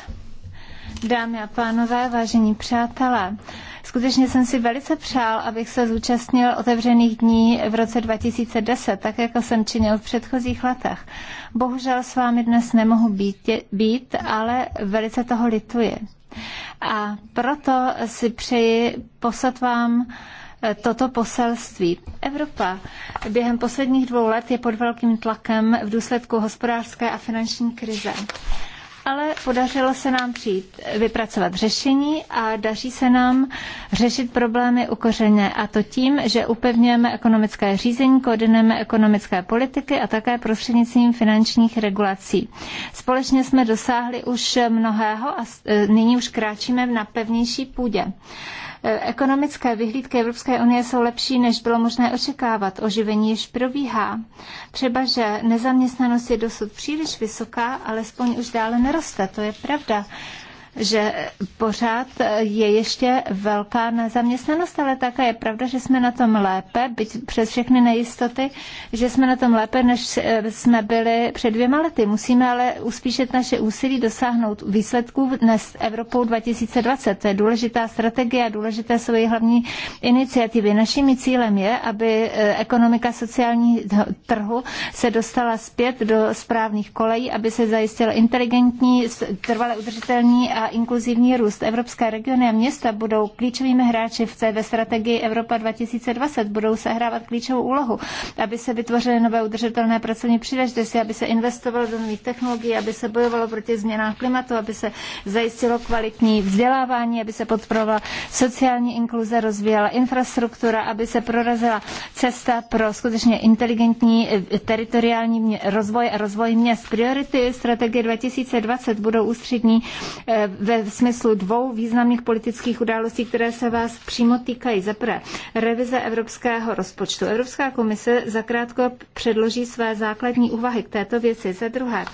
Dámy a pánové, vážení přátelé, skutečně jsem si velice přál, abych se zúčastnil otevřených dní v roce 2010, tak jako jsem činil v předchozích letech. Bohužel s vámi dnes nemohu být, být ale velice toho lituji. A proto si přeji poslat vám eh, toto poselství. Evropa během posledních dvou let je pod velkým tlakem v důsledku hospodářské a finanční krize ale podařilo se nám přijít vypracovat řešení a daří se nám řešit problémy ukořeně a to tím, že upevňujeme ekonomické řízení, koordinujeme ekonomické politiky a také prostřednictvím finančních regulací. Společně jsme dosáhli už mnohého a e, nyní už kráčíme na pevnější půdě. Ekonomické vyhlídky Evropské unie jsou lepší, než bylo možné očekávat. Oživení již probíhá. Třeba, že nezaměstnanost je dosud příliš vysoká, alespoň už dále neroste, to je pravda že pořád je ještě velká nezaměstnanost, ale také je pravda, že jsme na tom lépe, byť přes všechny nejistoty, že jsme na tom lépe, než jsme byli před dvěma lety. Musíme ale uspíšet naše úsilí dosáhnout výsledků dnes Evropou 2020. To je důležitá strategie a důležité jsou její hlavní iniciativy. Naším cílem je, aby eh, ekonomika sociální trhu se dostala zpět do správných kolejí, aby se zajistila inteligentní, trvale udržitelný a inkluzivní růst. Evropské regiony a města budou klíčovými hráči v CV strategii Evropa 2020, budou sehrávat klíčovou úlohu, aby se vytvořily nové udržitelné pracovní příležitosti, aby se investovalo do nových technologií, aby se bojovalo proti změnám klimatu, aby se zajistilo kvalitní vzdělávání, aby se podporovala sociální inkluze, rozvíjela infrastruktura, aby se prorazila cesta pro skutečně inteligentní eh, teritoriální rozvoj a rozvoj měst. Priority strategie 2020 budou ústřední eh, ve smyslu dvou významných politických událostí, které se vás přímo týkají. Za prvé, revize evropského rozpočtu. Evropská komise zakrátko předloží své základní úvahy k této věci. Za druhé,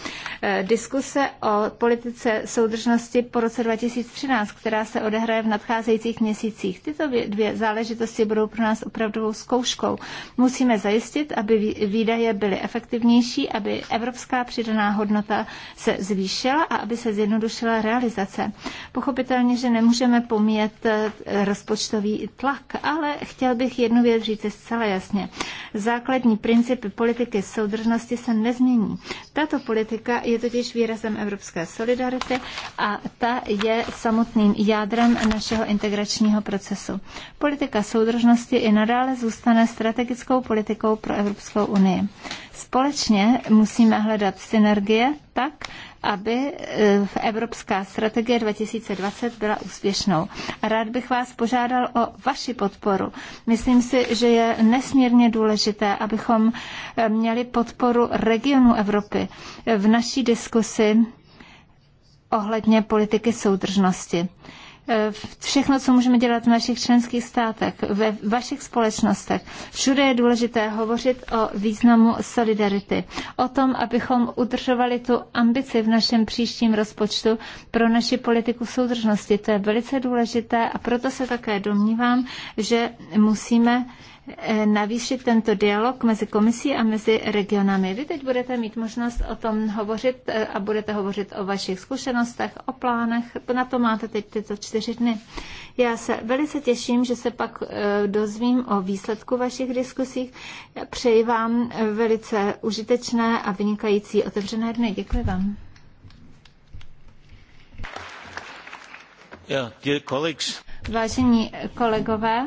eh, diskuse o politice soudržnosti po roce 2013, která se odehraje v nadcházejících měsících. Tyto dvě záležitosti budou pro nás opravdovou zkouškou. Musíme zajistit, aby výdaje byly efektivnější, aby evropská přidaná hodnota se zvýšila a aby se zjednodušila realizace komunikace. Pochopitelně, že nemůžeme pomět eh, rozpočtový tlak, ale chtěl bych jednu věc říct zcela jasně. Základní principy politiky soudržnosti se nezmění. Tato politika je totiž výrazem evropské solidarity a ta je samotným jádrem našeho integračního procesu. Politika soudržnosti i nadále zůstane strategickou politikou pro Evropskou unii. Společně musíme hledat synergie tak, aby e, Evropská strategie 2020 byla úspěšnou. A rád bych vás požádal o vaši podporu. Myslím si, že je nesmírně důležité, abychom e, měli podporu regionu Evropy v naší diskusi ohledně politiky soudržnosti. Eh, všechno, co můžeme dělat v našich členských státech, ve vašich společnostech. Všude je důležité hovořit o významu solidarity, o tom, abychom udržovali tu ambici v našem příštím rozpočtu pro naši politiku soudržnosti. To je velice důležité a proto se také domnívám, že musíme navýšit tento dialog mezi komisí a mezi regionami. Vy teď budete mít možnost o tom hovořit eh, a budete hovořit o vašich zkušenostech, o plánech. Na to máte teď tyto čtyři dny. Já se velice těším, že se pak eh, dozvím o výsledku vašich diskusích. Přeji vám eh, velice užitečné a vynikající otevřené dny. Děkuji vám. Yeah, dear colleagues. Vážení kolegové,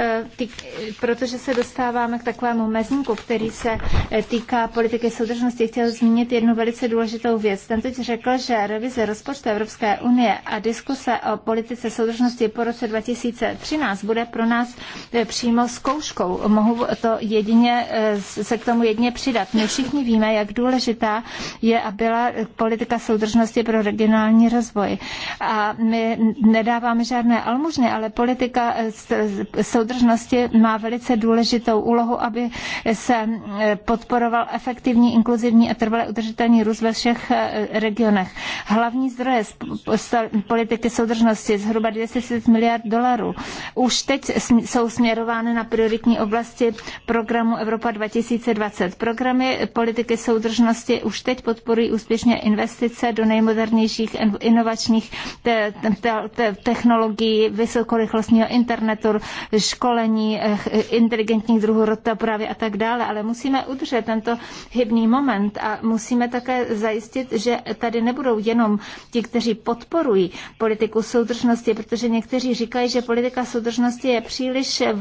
Eh, protože se dostáváme k takovému mezníku, který se eh, týká politiky soudržnosti, chtěl zmínit jednu velice důležitou věc. Ten teď řekl, že revize rozpočtu Evropské unie a diskuse o politice soudržnosti po roce 2013 bude pro nás eh, přímo zkouškou. Mohu to jedině, se k tomu jedině přidat. My všichni víme, jak důležitá je a byla politika soudržnosti pro regionální rozvoj. A my nedáváme žádné almužny, ale politika soudržnosti soudržnosti má velice důležitou úlohu, aby se eh, podporoval efektivní, inkluzivní a trvale udržitelný růst ve všech eh, regionech. Hlavní zdroje politiky soudržnosti zhruba 230 miliard dolarů už teď jsou směrovány na prioritní oblasti programu Evropa 2020. Programy politiky soudržnosti už teď podporují úspěšně investice do nejmodernějších inovačních technologií, vysokorychlostního internetu, školení eh, inteligentních druhů rotopravy a tak dále, ale musíme udržet tento hybný moment a musíme také zajistit, že tady nebudou jenom ti, kteří podporují politiku soudržnosti, protože někteří říkají, že politika soudržnosti je příliš eh,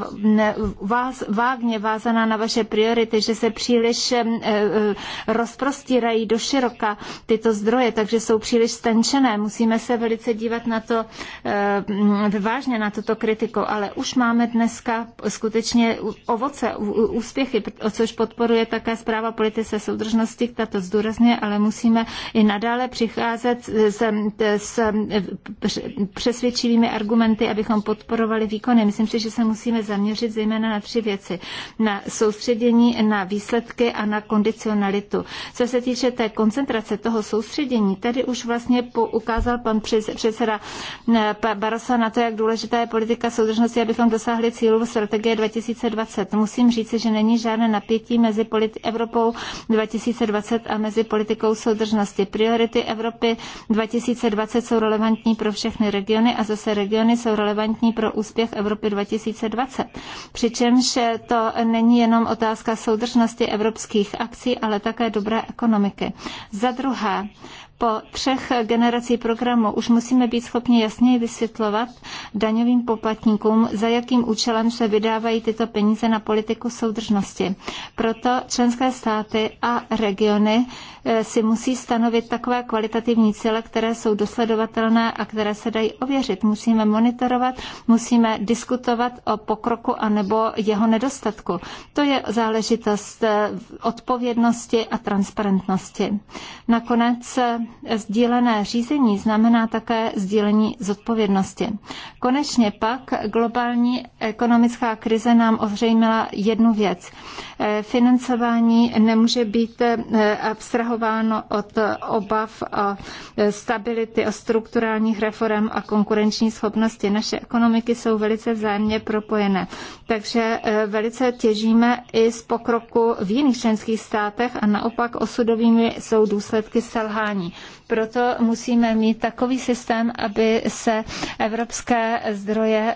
váz, vágně vázaná na vaše priority, že se příliš eh, rozprostírají do široka tyto zdroje, takže jsou příliš stenčené. Musíme se velice dívat na to vážně, na tuto kritiku, ale už máme dneska skutečně ovoce, úspěchy, což podporuje také zpráva politice soudržnosti, ta to zdůrazně, ale musíme i nadále přicházet s, s přesvědčivými argumenty, abychom podporovali výkony. Myslím si, že se musíme zaměřit zejména na tři věci. Na soustředění, na výsledky a na kondicionalitu. Co se týče té koncentrace toho soustředění, tady už vlastně ukázal pan předseda eh, Barosa na to, jak důležitá je politika soudržnosti, abychom dosáhli dosáhli cílů strategie 2020. Musím říci, že není žádné napětí mezi politi- Evropou 2020 a mezi politikou soudržnosti. Priority Evropy 2020 jsou relevantní pro všechny regiony a zase regiony jsou relevantní pro úspěch Evropy 2020. Přičemž to není jenom otázka soudržnosti evropských akcí, ale také dobré ekonomiky. Za druhé, po třech generací programu už musíme být schopni jasněji vysvětlovat daňovým poplatníkům, za jakým účelem se vydávají tyto peníze na politiku soudržnosti. Proto členské státy a regiony si musí stanovit takové kvalitativní cíle, které jsou dosledovatelné a které se dají ověřit. Musíme monitorovat, musíme diskutovat o pokroku anebo jeho nedostatku. To je záležitost eh, odpovědnosti a transparentnosti. Nakonec eh, sdílené řízení znamená také sdílení zodpovědnosti. Konečně pak globální ekonomická krize nám ozřejmila jednu věc. Eh, financování nemůže být abstrahované zasahováno od obav o stability, o strukturálních reform a konkurenční schopnosti. Naše ekonomiky jsou velice vzájemně propojené, takže eh, velice těžíme i z pokroku v jiných členských státech a naopak osudovými jsou důsledky selhání. Proto musíme mít takový systém, aby se evropské zdroje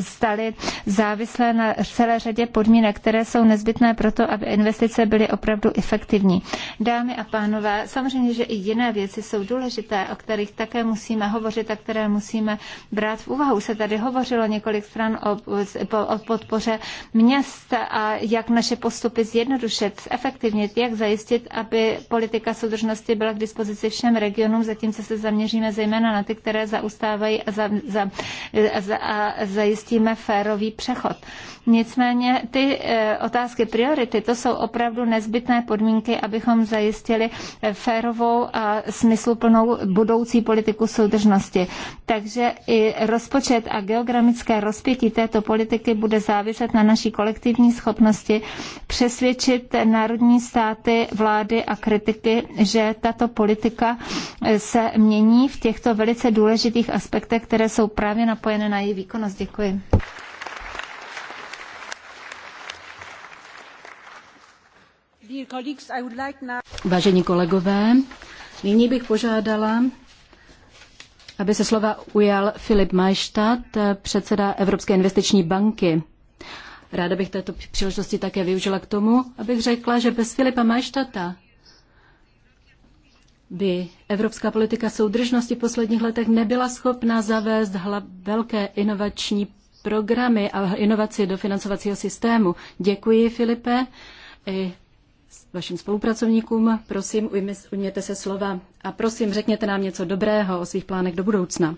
staly závislé na celé řadě podmínek, které jsou nezbytné pro to, aby investice byly opravdu efektivní. Dámy a pánové, samozřejmě, že i jiné věci jsou důležité, o kterých také musíme hovořit a které musíme brát v úvahu. Se tady hovořilo několik stran o, o podpoře měst a jak naše postupy zjednodušit, zefektivnit, jak zajistit, aby politika soudržnosti byla k dispozici pomoci všem regionům, zatímco se zaměříme zejména na ty, které zaustávají a, za, za, za, a zajistíme férový přechod. Nicméně ty eh, otázky priority, to jsou opravdu nezbytné podmínky, abychom zajistili eh, férovou a smysluplnou budoucí politiku soudržnosti. Takže i rozpočet a geogramické rozpětí této politiky bude záviset na naší kolektivní schopnosti přesvědčit národní státy, vlády a kritiky, že tato politika politika eh, se mění v těchto velice důležitých aspektech, které jsou právě napojené na její výkonnost. Děkuji. Vážení kolegové, nyní bych požádala, aby se slova ujal Filip Majštát, předseda Evropské investiční banky. Ráda bych této příležitosti také využila k tomu, abych řekla, že bez Filipa Majštata by evropská politika soudržnosti v posledních letech nebyla schopna zavést hla, velké inovační programy a inovaci do financovacího systému. Děkuji, Filipe, i vašim spolupracovníkům. Prosím, ujměte se slova a prosím, řekněte nám něco dobrého o svých plánech do budoucna.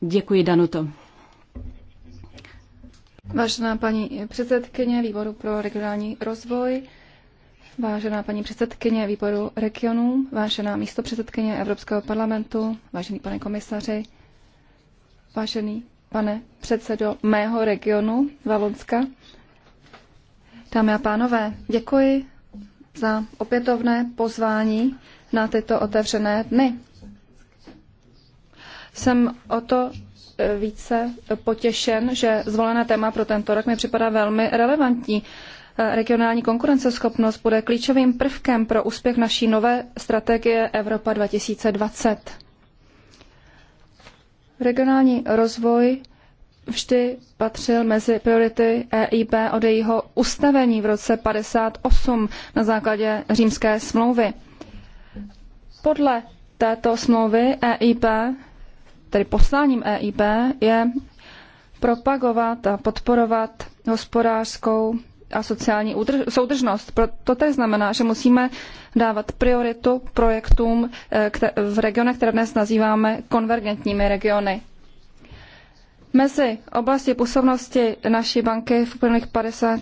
Děkuji, Danuto. Vážená paní předsedkyně výboru pro regionální rozvoj, Vážená paní předsedkyně výboru regionů, vážená místo předsedkyně Evropského parlamentu, vážený pane komisaři, vážený pane předsedo mého regionu Valonska, dámy a pánové, děkuji za opětovné pozvání na tyto otevřené dny. Jsem o to e, více potěšen, že zvolené téma pro tento rok mi připadá velmi relevantní Eh, regionální konkurenceschopnost bude klíčovým prvkem pro úspěch naší nové strategie Evropa 2020. Regionální rozvoj vždy patřil mezi priority EIB od jejího ustavení v roce 58 na základě římské smlouvy. Podle této smlouvy EIB, tedy posláním EIB, je propagovat a podporovat hospodářskou a sociální soudržnost. To tedy znamená, že musíme dávat prioritu projektům eh, v regionech, které dnes nazýváme konvergentními regiony. Mezi oblasti působnosti naší banky v uplynulých 50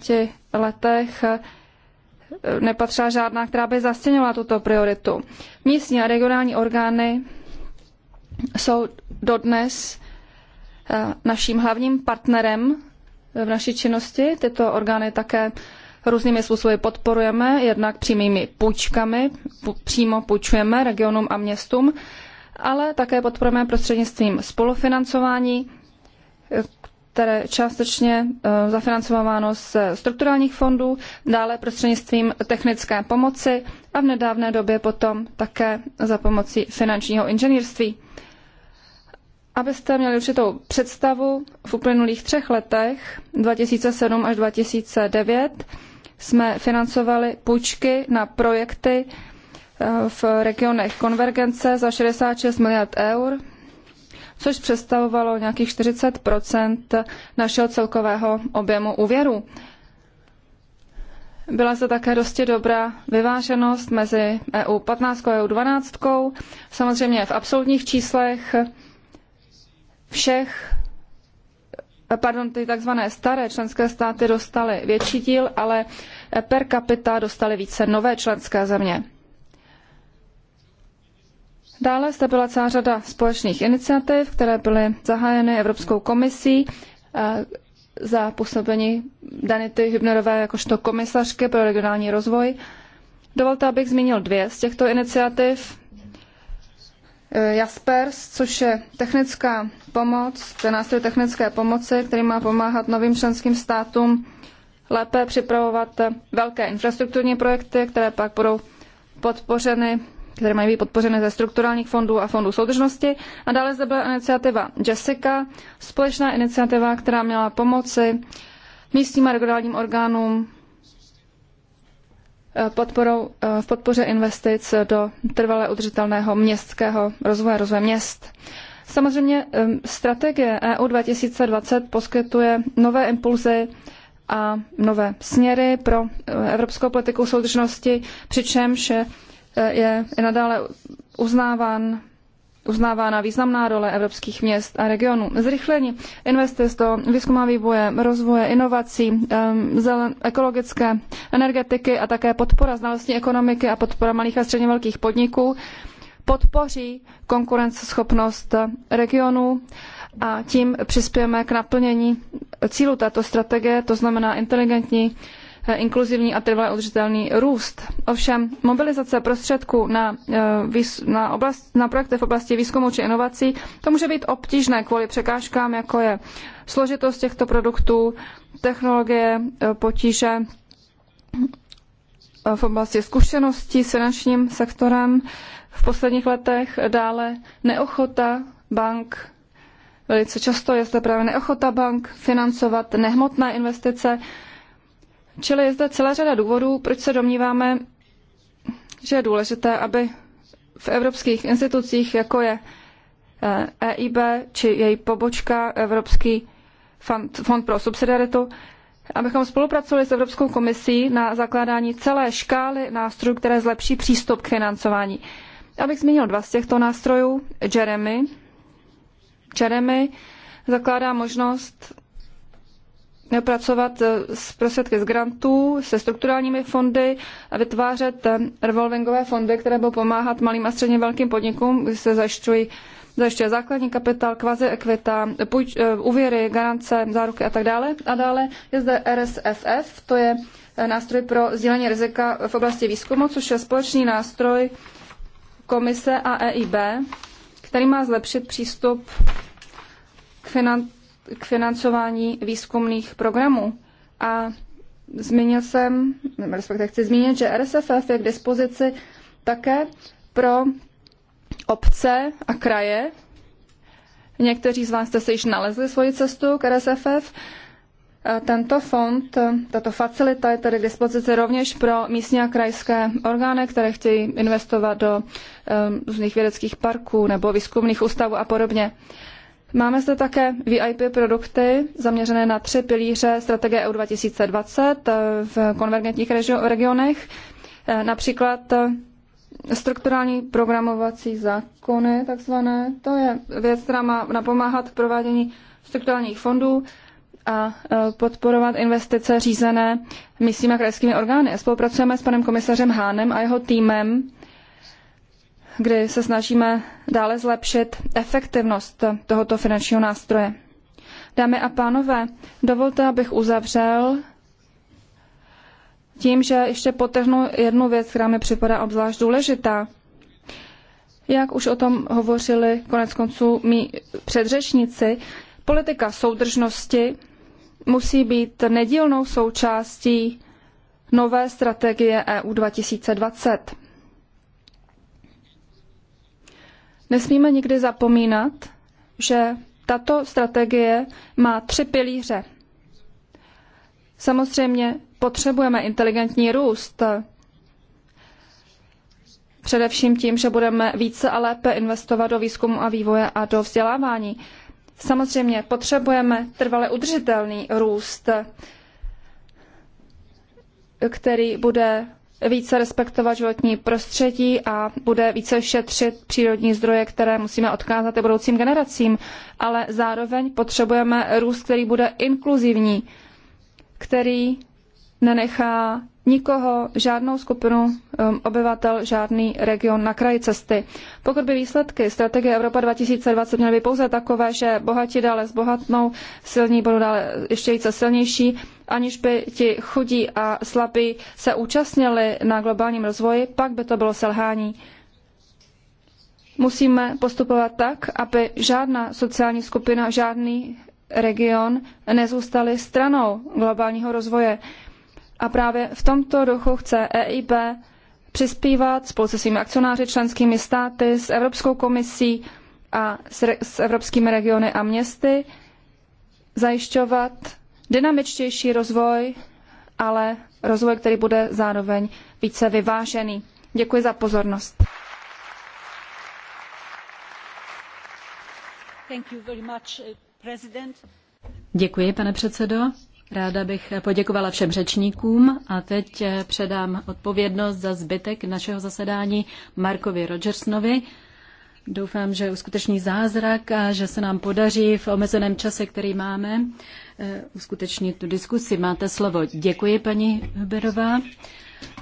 letech eh, nepatřila žádná, která by zastěňovala tuto prioritu. Místní a regionální orgány jsou dodnes eh, naším hlavním partnerem v naší činnosti. Tyto orgány také různými způsoby podporujeme, jednak přímými půjčkami, přímo půjčujeme regionům a městům, ale také podporujeme prostřednictvím spolufinancování, které částečně e, zafinancováváno z strukturálních fondů, dále prostřednictvím technické pomoci a v nedávné době potom také za pomocí finančního inženýrství abyste měli určitou představu, v uplynulých třech letech, 2007 až 2009, jsme financovali půjčky na projekty eh, v regionech konvergence za 66 miliard eur, což představovalo nějakých 40 našeho celkového objemu úvěru. Byla to také dosti dobrá vyváženost mezi EU 15 a EU 12. Samozřejmě v absolutních číslech všech pardon, ty takzvané staré členské státy dostaly větší díl, ale per capita dostaly více nové členské země. Dále zde byla celá řada společných iniciativ, které byly zahájeny Evropskou komisí eh, za působení Danity Hübnerové jakožto komisařky pro regionální rozvoj. Dovolte, abych zmínil dvě z těchto iniciativ. Eh, Jaspers, což je technická pomoc, to je nástroj technické pomoci, který má pomáhat novým členským státům lépe připravovat eh, velké infrastrukturní projekty, které pak budou podpořeny, které mají být podpořeny ze strukturálních fondů a fondů soudržnosti. A dále zde byla iniciativa Jessica, společná iniciativa, která měla pomoci místním a regionálním orgánům Eh, podporou, eh, v podpoře investic do trvale udržitelného městského rozvoje, rozvoje měst. Samozřejmě strategie EU 2020 poskytuje nové impulzy a nové směry pro eh, evropskou politiku soudržnosti, přičemž je i nadále uznáván uznávána významná role evropských měst a regionů. Zrychlení investic do výzkumu a vývoje, rozvoje, inovací, zelen, ekologické energetiky a také podpora znalostní ekonomiky a podpora malých a středně velkých podniků podpoří konkurenceschopnost regionů a tím přispějeme k naplnění cílu této strategie, to znamená inteligentní Eh, inkluzivní a trvalý udržitelný růst. Ovšem mobilizace prostředků na, eh, na, oblast, na projekty v oblasti výzkumu či inovací, to může být obtížné kvůli překážkám, jako je složitost těchto produktů, technologie, eh, potíže v oblasti zkušeností s finančním sektorem v posledních letech, dále neochota bank Velice často je zde právě neochota bank financovat nehmotné investice, Čili je zde celá řada důvodů, proč se domníváme, že je důležité, aby v evropských institucích, jako je EIB eh, e či její pobočka Evropský fond, fond pro subsidiaritu, abychom spolupracovali s Evropskou komisí na zakládání celé škály nástrojů, které zlepší přístup k financování. Abych zmínil dva z těchto nástrojů, Jeremy. Jeremy zakládá možnost pracovat eh, s prostředky z grantů, se strukturálními fondy a vytvářet eh, revolvingové fondy, které budou pomáhat malým a středně velkým podnikům, kdy se zajišťují zajišťuje základní kapitál, kvazi ekvita, půjč, eh, úvěry, garance, záruky a tak dále. A dále je zde RSFF, to je nástroj pro sdílení rizika v oblasti výzkumu, což je společný nástroj komise a EIB, který má zlepšit přístup k finan k financování výzkumných programů. A zmínil jsem, respektive chci zmínit, že RSFF je k dispozici také pro obce a kraje. Někteří z vás jste se již nalezli svoji cestu k RSFF. Tento fond, tato facilita je tady k dispozici rovněž pro místní a krajské orgány, které chtějí investovat do eh, různých vědeckých parků nebo výzkumných ústavů a podobně. Máme zde také VIP produkty zaměřené na tři pilíře strategie EU 2020 eh, v konvergentních regionech, eh, například eh, strukturální programovací zákony, takzvané. To je věc, která má napomáhat provádění strukturálních fondů a podporovat investice řízené místními a krajskými orgány. Spolupracujeme s panem komisařem Hánem a jeho týmem kdy se snažíme dále zlepšit efektivnost tohoto finančního nástroje. Dámy a pánové, dovolte, abych uzavřel tím, že ještě potrhnu jednu věc, která mi připadá obzvlášť důležitá. Jak už o tom hovořili konec konců mý předřečníci, politika soudržnosti musí být nedílnou součástí nové strategie EU 2020. Nesmíme nikdy zapomínat, že tato strategie má tři pilíře. Samozřejmě potřebujeme inteligentní růst, především tím, že budeme více a lépe investovat do výzkumu a vývoje a do vzdělávání. Samozřejmě potřebujeme trvale udržitelný růst, který bude více respektovat životní prostředí a bude více šetřit přírodní zdroje, které musíme odkázat i budoucím generacím. Ale zároveň potřebujeme růst, který bude inkluzivní, který nenechá nikoho, žádnou skupinu um, obyvatel, žádný region na kraji cesty. Pokud by výsledky strategie Evropa 2020 měly být pouze takové, že bohatí dále zbohatnou, silní budou dále ještě více silnější, aniž by ti chudí a slabí se účastnili na globálním rozvoji, pak by to bylo selhání. Musíme postupovat tak, aby žádná sociální skupina, žádný region nezůstaly stranou globálního rozvoje. A právě v tomto duchu chce EIB přispívat spolu se svými akcionáři, členskými státy, s Evropskou komisí a s, re, s evropskými regiony a městy zajišťovat dynamičtější rozvoj, ale rozvoj, který bude zároveň více vyvážený. Děkuji za pozornost. Eh, Děkuji, pane předsedo. Ráda bych poděkovala všem řečníkům a teď eh, předám odpovědnost za zbytek našeho zasedání Markovi Rogersnovi. Doufám, že je uskuteční zázrak a že se nám podaří v omezeném čase, který máme, Eh, uskutečnit tu diskusi. Máte slovo. Děkuji, paní Huberová.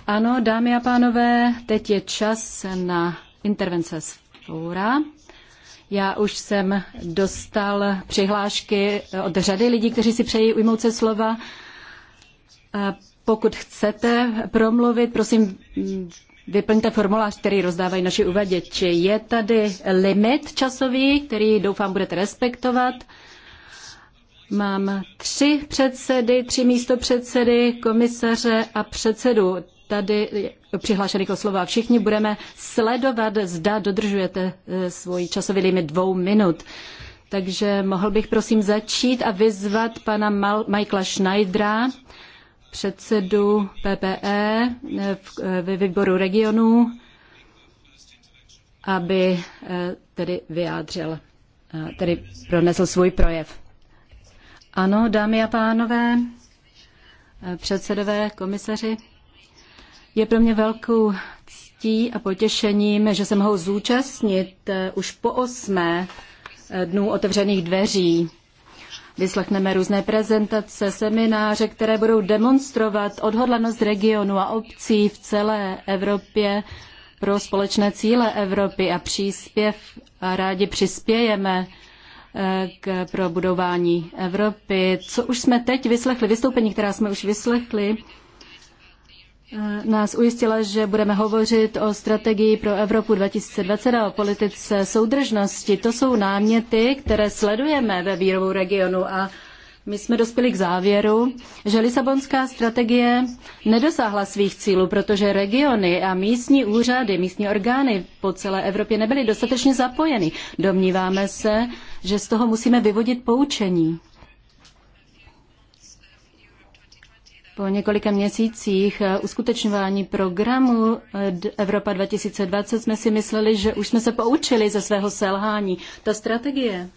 Ano, dámy a pánové, teď je čas na intervence z fóra. Já už jsem dostal přihlášky od řady lidí, kteří si přejí ujmout se slova. Eh, pokud chcete promluvit, prosím, vyplňte formulář, který rozdávají naši uvaděči. Je tady limit časový, který doufám budete respektovat. Mám tři předsedy, tři místopředsedy, komisaře a předsedu tady přihlášených o slova. Všichni budeme sledovat, zda dodržujete eh, svůj časový limit dvou minut. Takže mohl bych prosím začít a vyzvat pana Mal- Michaela Schneidera, předsedu PPE eh, eh, ve výboru regionů, aby tedy vyjádřil, tedy pronesl svůj projev. Ano, dámy a pánové, předsedové, komisaři, je pro mě velkou ctí a potěšením, že se mohou zúčastnit eh, už po osmé eh, dnů otevřených dveří. Vyslechneme různé prezentace, semináře, které budou demonstrovat odhodlanost regionu a obcí v celé Evropě pro společné cíle Evropy a příspěv a rádi přispějeme k, probudování Evropy. Co už jsme teď vyslechli, vystoupení, která jsme už vyslechli, eh, nás ujistila, že budeme hovořit o strategii pro Evropu 2020 a o politice soudržnosti. To jsou náměty, které sledujeme ve výrovou regionu a my jsme dospěli k závěru, že Lisabonská strategie nedosáhla svých cílů, protože regiony a místní úřady, místní orgány po celé Evropě nebyly dostatečně zapojeny. Domníváme se, že z toho musíme vyvodit poučení. Po několika měsících eh, uskutečňování programu eh, Evropa 2020 jsme si mysleli, že už jsme se poučili ze svého selhání. Ta strategie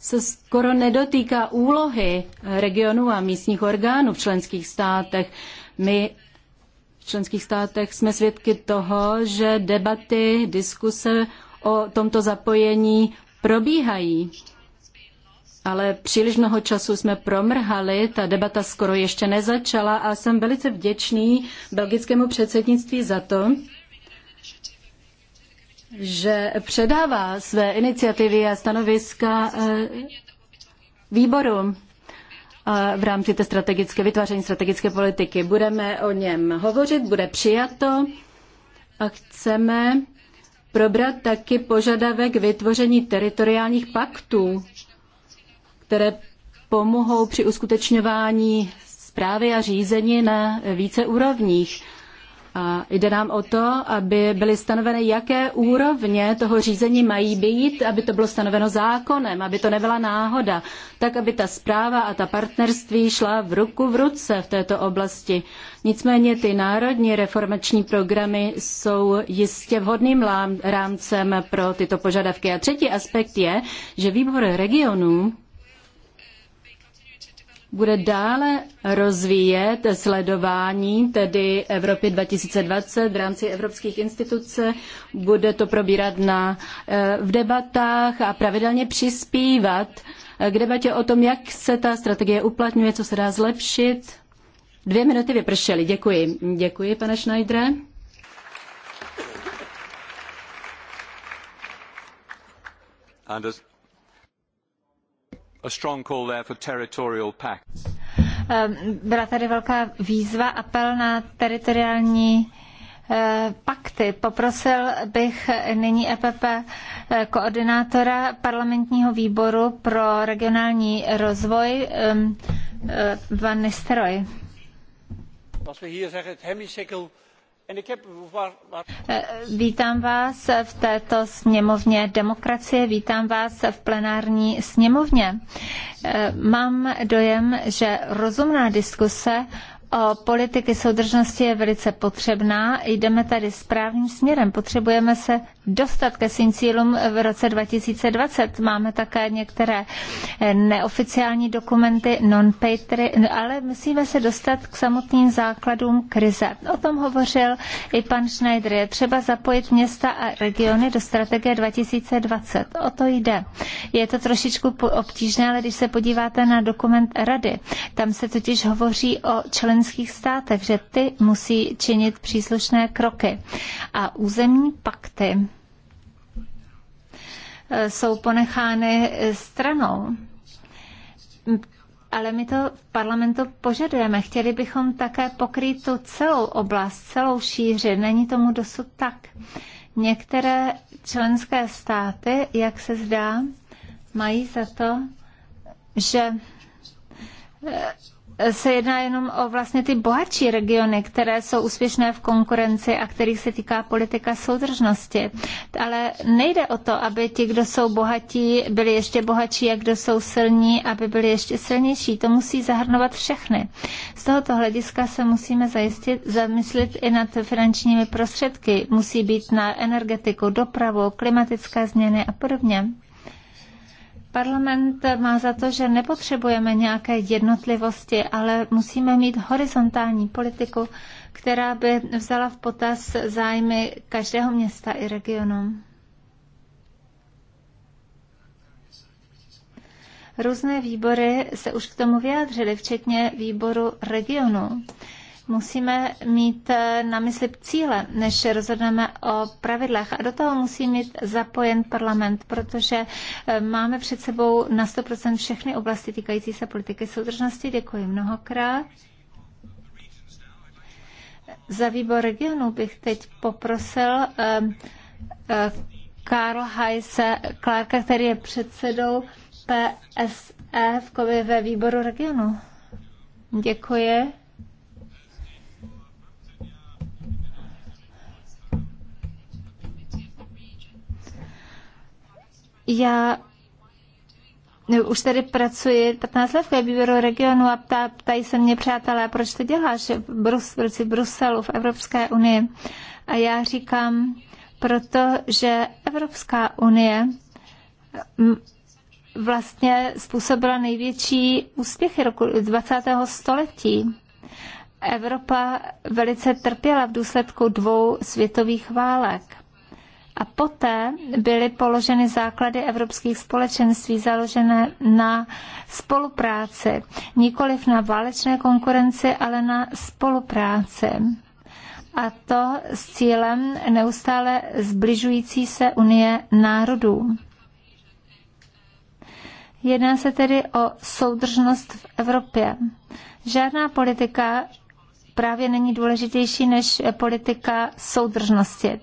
se skoro nedotýká úlohy regionů a místních orgánů v členských státech. My v členských státech jsme svědky toho, že debaty, diskuse o tomto zapojení probíhají. Ale příliš mnoho času jsme promrhali, ta debata skoro ještě nezačala a jsem velice vděčný belgickému předsednictví za to, že předává své iniciativy a stanoviska eh, výboru eh, v rámci té strategické, vytváření strategické politiky. Budeme o něm hovořit, bude přijato a chceme probrat taky požadavek vytvoření teritoriálních paktů, které pomohou při uskutečňování zprávy a řízení na více úrovních. A jde nám o to, aby byly stanoveny, jaké úrovně toho řízení mají být, aby to bylo stanoveno zákonem, aby to nebyla náhoda, tak aby ta zpráva a ta partnerství šla v ruku v ruce v této oblasti. Nicméně ty národní reformační programy jsou jistě vhodným rámcem pro tyto požadavky. A třetí aspekt je, že výbor regionů bude dále rozvíjet sledování, tedy Evropy 2020 v rámci evropských instituce, bude to probírat na, eh, v debatách a pravidelně přispívat eh, k debatě o tom, jak se ta strategie uplatňuje, co se dá zlepšit. Dvě minuty vypršely, děkuji. Děkuji, pane Schneidere. Anders. Ehm, byla tady velká výzva, apel na teritoriální eh, pakty. Poprosil bych nyní EPP eh, koordinátora parlamentního výboru pro regionální rozvoj, pan ehm, eh, Nisteroj. Eh, vítám vás v této sněmovně demokracie, vítám vás v plenární sněmovně. Eh, mám dojem, že rozumná diskuse politiky soudržnosti je velice potřebná. Jdeme tady správným směrem. Potřebujeme se dostat ke svým cílům v roce 2020. Máme také některé eh, neoficiální dokumenty, non patry ale musíme se dostat k samotným základům krize. O tom hovořil i pan Schneider. Je třeba zapojit města a regiony do strategie 2020. O to jde. Je to trošičku obtížné, ale když se podíváte na dokument Rady, tam se totiž hovoří o členství členských státech, že ty musí činit příslušné kroky. A územní pakty eh, jsou ponechány eh, stranou. Ale my to v parlamentu požadujeme. Chtěli bychom také pokrýt tu celou oblast, celou šíři. Není tomu dosud tak. Některé členské státy, jak se zdá, mají za to, že eh, se jedná jenom o vlastně ty bohatší regiony, které jsou úspěšné v konkurenci a kterých se týká politika soudržnosti. Ale nejde o to, aby ti, kdo jsou bohatí, byli ještě bohatší a kdo jsou silní, aby byli ještě silnější. To musí zahrnovat všechny. Z tohoto hlediska se musíme zajistit, zamyslet i nad finančními prostředky. Musí být na energetiku, dopravu, klimatické změny a podobně. Parlament má za to, že nepotřebujeme nějaké jednotlivosti, ale musíme mít horizontální politiku, která by vzala v potaz zájmy každého města i regionu. Různé výbory se už k tomu vyjádřily, včetně výboru regionu. Musíme mít eh, na mysli cíle, než rozhodneme o pravidlech. A do toho musí mít zapojen parlament, protože eh, máme před sebou na 100% všechny oblasti týkající se politiky soudržnosti. Děkuji mnohokrát. Za výbor regionu bych teď poprosil eh, Karl Heise Klárka, který je předsedou PSF e ve výboru regionu. Děkuji. Já no, už tady pracuji 15 let v výběru regionu a ptá, ptají se mě přátelé, proč to děláš v, Brus, v Bruselu, v Evropské unii. A já říkám, protože Evropská unie vlastně způsobila největší úspěchy roku 20. století. Evropa velice trpěla v důsledku dvou světových válek. A poté byly položeny základy evropských společenství založené na spolupráci, nikoliv na válečné konkurenci, ale na spolupráci a to s cílem neustále zbližující se unie národů. Jedná se tedy o soudržnost v Evropě. Žádná politika právě není důležitější než politika soudržnosti.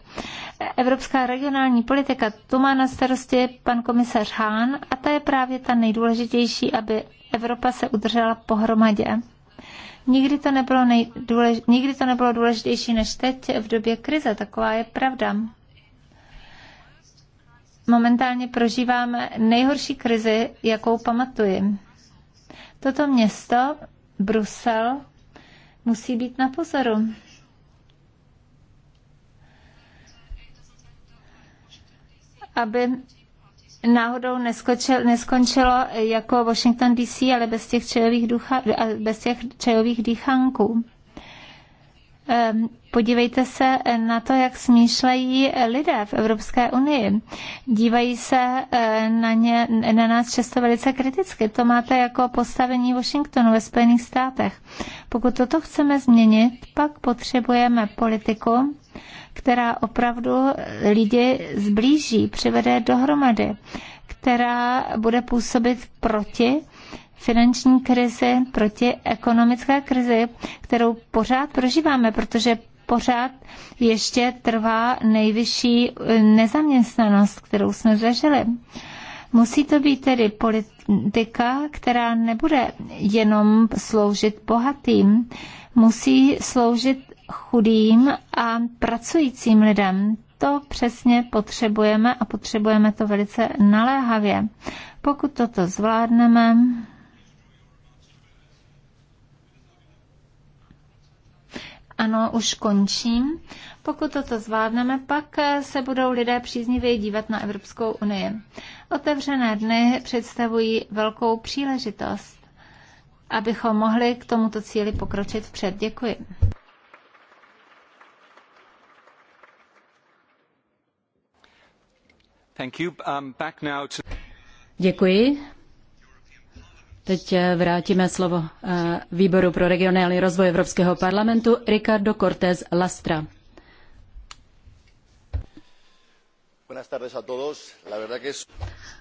Evropská regionální politika, to má na starosti pan komisař Hahn a ta je právě ta nejdůležitější, aby Evropa se udržela pohromadě. Nikdy to, nebylo nejdůlež... Nikdy to nebylo důležitější než teď v době krize, taková je pravda. Momentálně prožíváme nejhorší krizi, jakou pamatuji. Toto město, Brusel, musí být na pozoru. Aby náhodou neskočil, neskončilo jako Washington DC, ale bez těch čajových, ducha, bez těch čajových dýchanků. Ehm, Podívejte se na to, jak smýšlejí lidé v Evropské unii. Dívají se eh, na, ně, na nás často velice kriticky. To máte jako postavení Washingtonu ve Spojených státech. Pokud toto chceme změnit, pak potřebujeme politiku, která opravdu lidi zblíží, přivede dohromady, která bude působit proti finanční krizi, proti ekonomické krizi, kterou pořád prožíváme, protože pořád ještě trvá nejvyšší eh, nezaměstnanost, kterou jsme zažili. Musí to být tedy politika, která nebude jenom sloužit bohatým, musí sloužit chudým a pracujícím lidem. To přesně potřebujeme a potřebujeme to velice naléhavě. Pokud toto zvládneme, Ano, už končím. Pokud toto zvládneme, pak eh, se budou lidé příznivě dívat na Evropskou unii. Otevřené dny představují velkou příležitost, abychom mohli k tomuto cíli pokročit vpřed. Děkuji. Thank you. Um, back now to... Děkuji. Teď eh, vrátíme slovo eh, Výboru pro regionální rozvoj Evropského parlamentu Ricardo Cortés Lastra.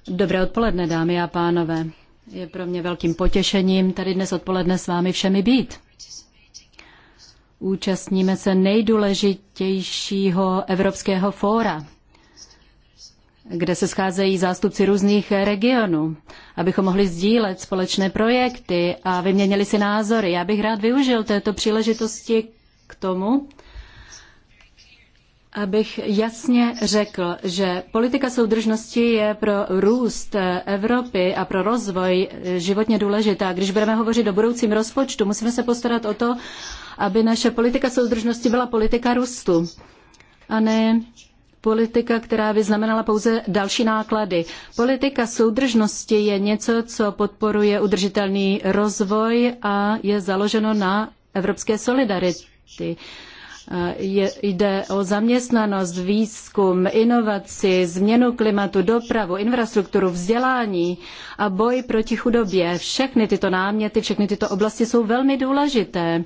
Dobré odpoledne, dámy a pánové. Je pro mě velkým potěšením tady dnes odpoledne s vámi všemi být. Účastníme se nejdůležitějšího evropského fóra kde se scházejí zástupci různých regionů, abychom mohli sdílet společné projekty a vyměnili si názory. Já bych rád využil této příležitosti k tomu, abych jasně řekl, že politika soudržnosti je pro růst Evropy a pro rozvoj životně důležitá. Když budeme hovořit o budoucím rozpočtu, musíme se postarat o to, aby naše politika soudržnosti byla politika růstu a ne politika, která by znamenala pouze další náklady. Politika soudržnosti je něco, co podporuje udržitelný rozvoj a je založeno na evropské solidarity. Eh, je, jde o zaměstnanost, výzkum, inovaci, změnu klimatu, dopravu, infrastrukturu, vzdělání a boj proti chudobě. Všechny tyto náměty, všechny tyto oblasti jsou velmi důležité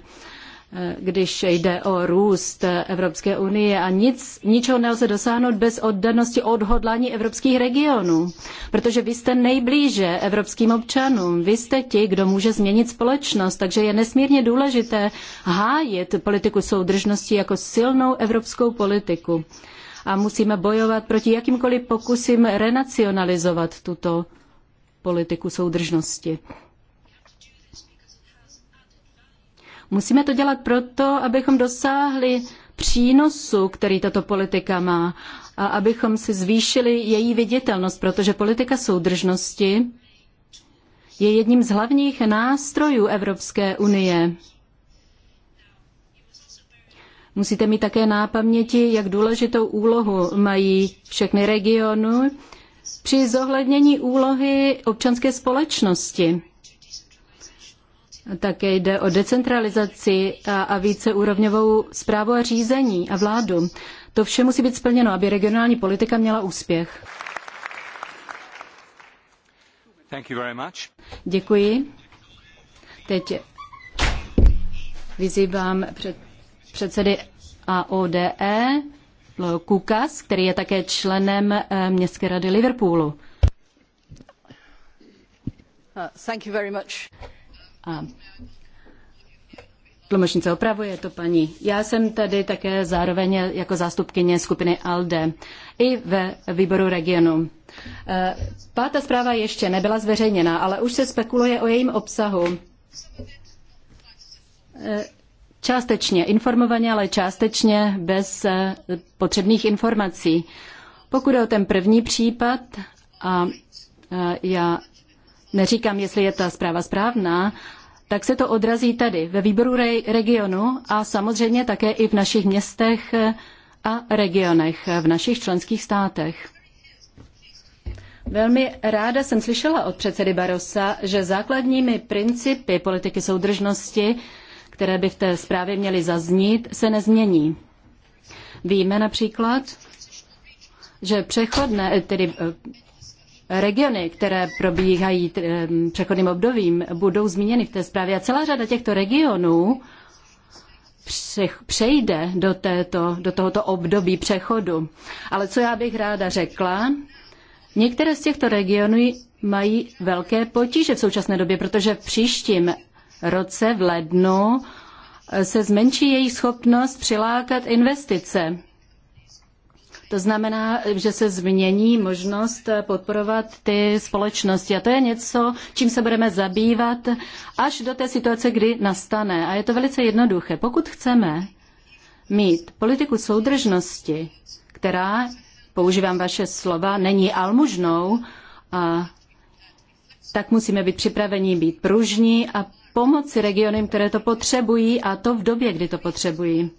když jde o růst Evropské unie a nic, ničeho nelze dosáhnout bez oddanosti odhodlání evropských regionů, protože vy jste nejblíže evropským občanům, vy jste ti, kdo může změnit společnost, takže je nesmírně důležité hájit politiku soudržnosti jako silnou evropskou politiku. A musíme bojovat proti jakýmkoliv pokusům renacionalizovat tuto politiku soudržnosti. Musíme to dělat proto, abychom dosáhli přínosu, který tato politika má a abychom si zvýšili její viditelnost, protože politika soudržnosti je jedním z hlavních nástrojů Evropské unie. Musíte mít také na paměti, jak důležitou úlohu mají všechny regiony při zohlednění úlohy občanské společnosti. Také jde o decentralizaci a, a víceúrovňovou zprávu a řízení a vládu. To vše musí být splněno, aby regionální politika měla úspěch. Děkuji. Teď vyzývám před, předsedy AODE Kukas, který je také členem eh, Městské rady Liverpoolu. Uh, Tlumočnice opravuje to paní. Já jsem tady také zároveň jako zástupkyně skupiny ALDE i ve výboru regionu. E, pátá zpráva ještě nebyla zveřejněna, ale už se spekuluje o jejím obsahu. E, částečně informovaně, ale částečně bez e, potřebných informací. Pokud je o ten první případ, a já neříkám, jestli je ta zpráva správná, tak se to odrazí tady ve výboru regionu a samozřejmě také i v našich městech a regionech, v našich členských státech. Velmi ráda jsem slyšela od předsedy Barosa, že základními principy politiky soudržnosti, které by v té zprávě měly zaznít, se nezmění. Víme například, že přechodné, tedy eh, regiony, které probíhají přechodným obdobím, budou zmíněny v té zprávě. A celá řada těchto regionů přejde do, této, do tohoto období přechodu. Ale co já bych ráda řekla, některé z těchto regionů mají velké potíže v současné době, protože v příštím roce v lednu se zmenší jejich schopnost přilákat investice. To znamená, že se změní možnost podporovat ty společnosti. A to je něco, čím se budeme zabývat až do té situace, kdy nastane. A je to velice jednoduché. Pokud chceme mít politiku soudržnosti, která, používám vaše slova, není almužnou, a tak musíme být připraveni být pružní a pomoci regionům, které to potřebují a to v době, kdy to potřebují.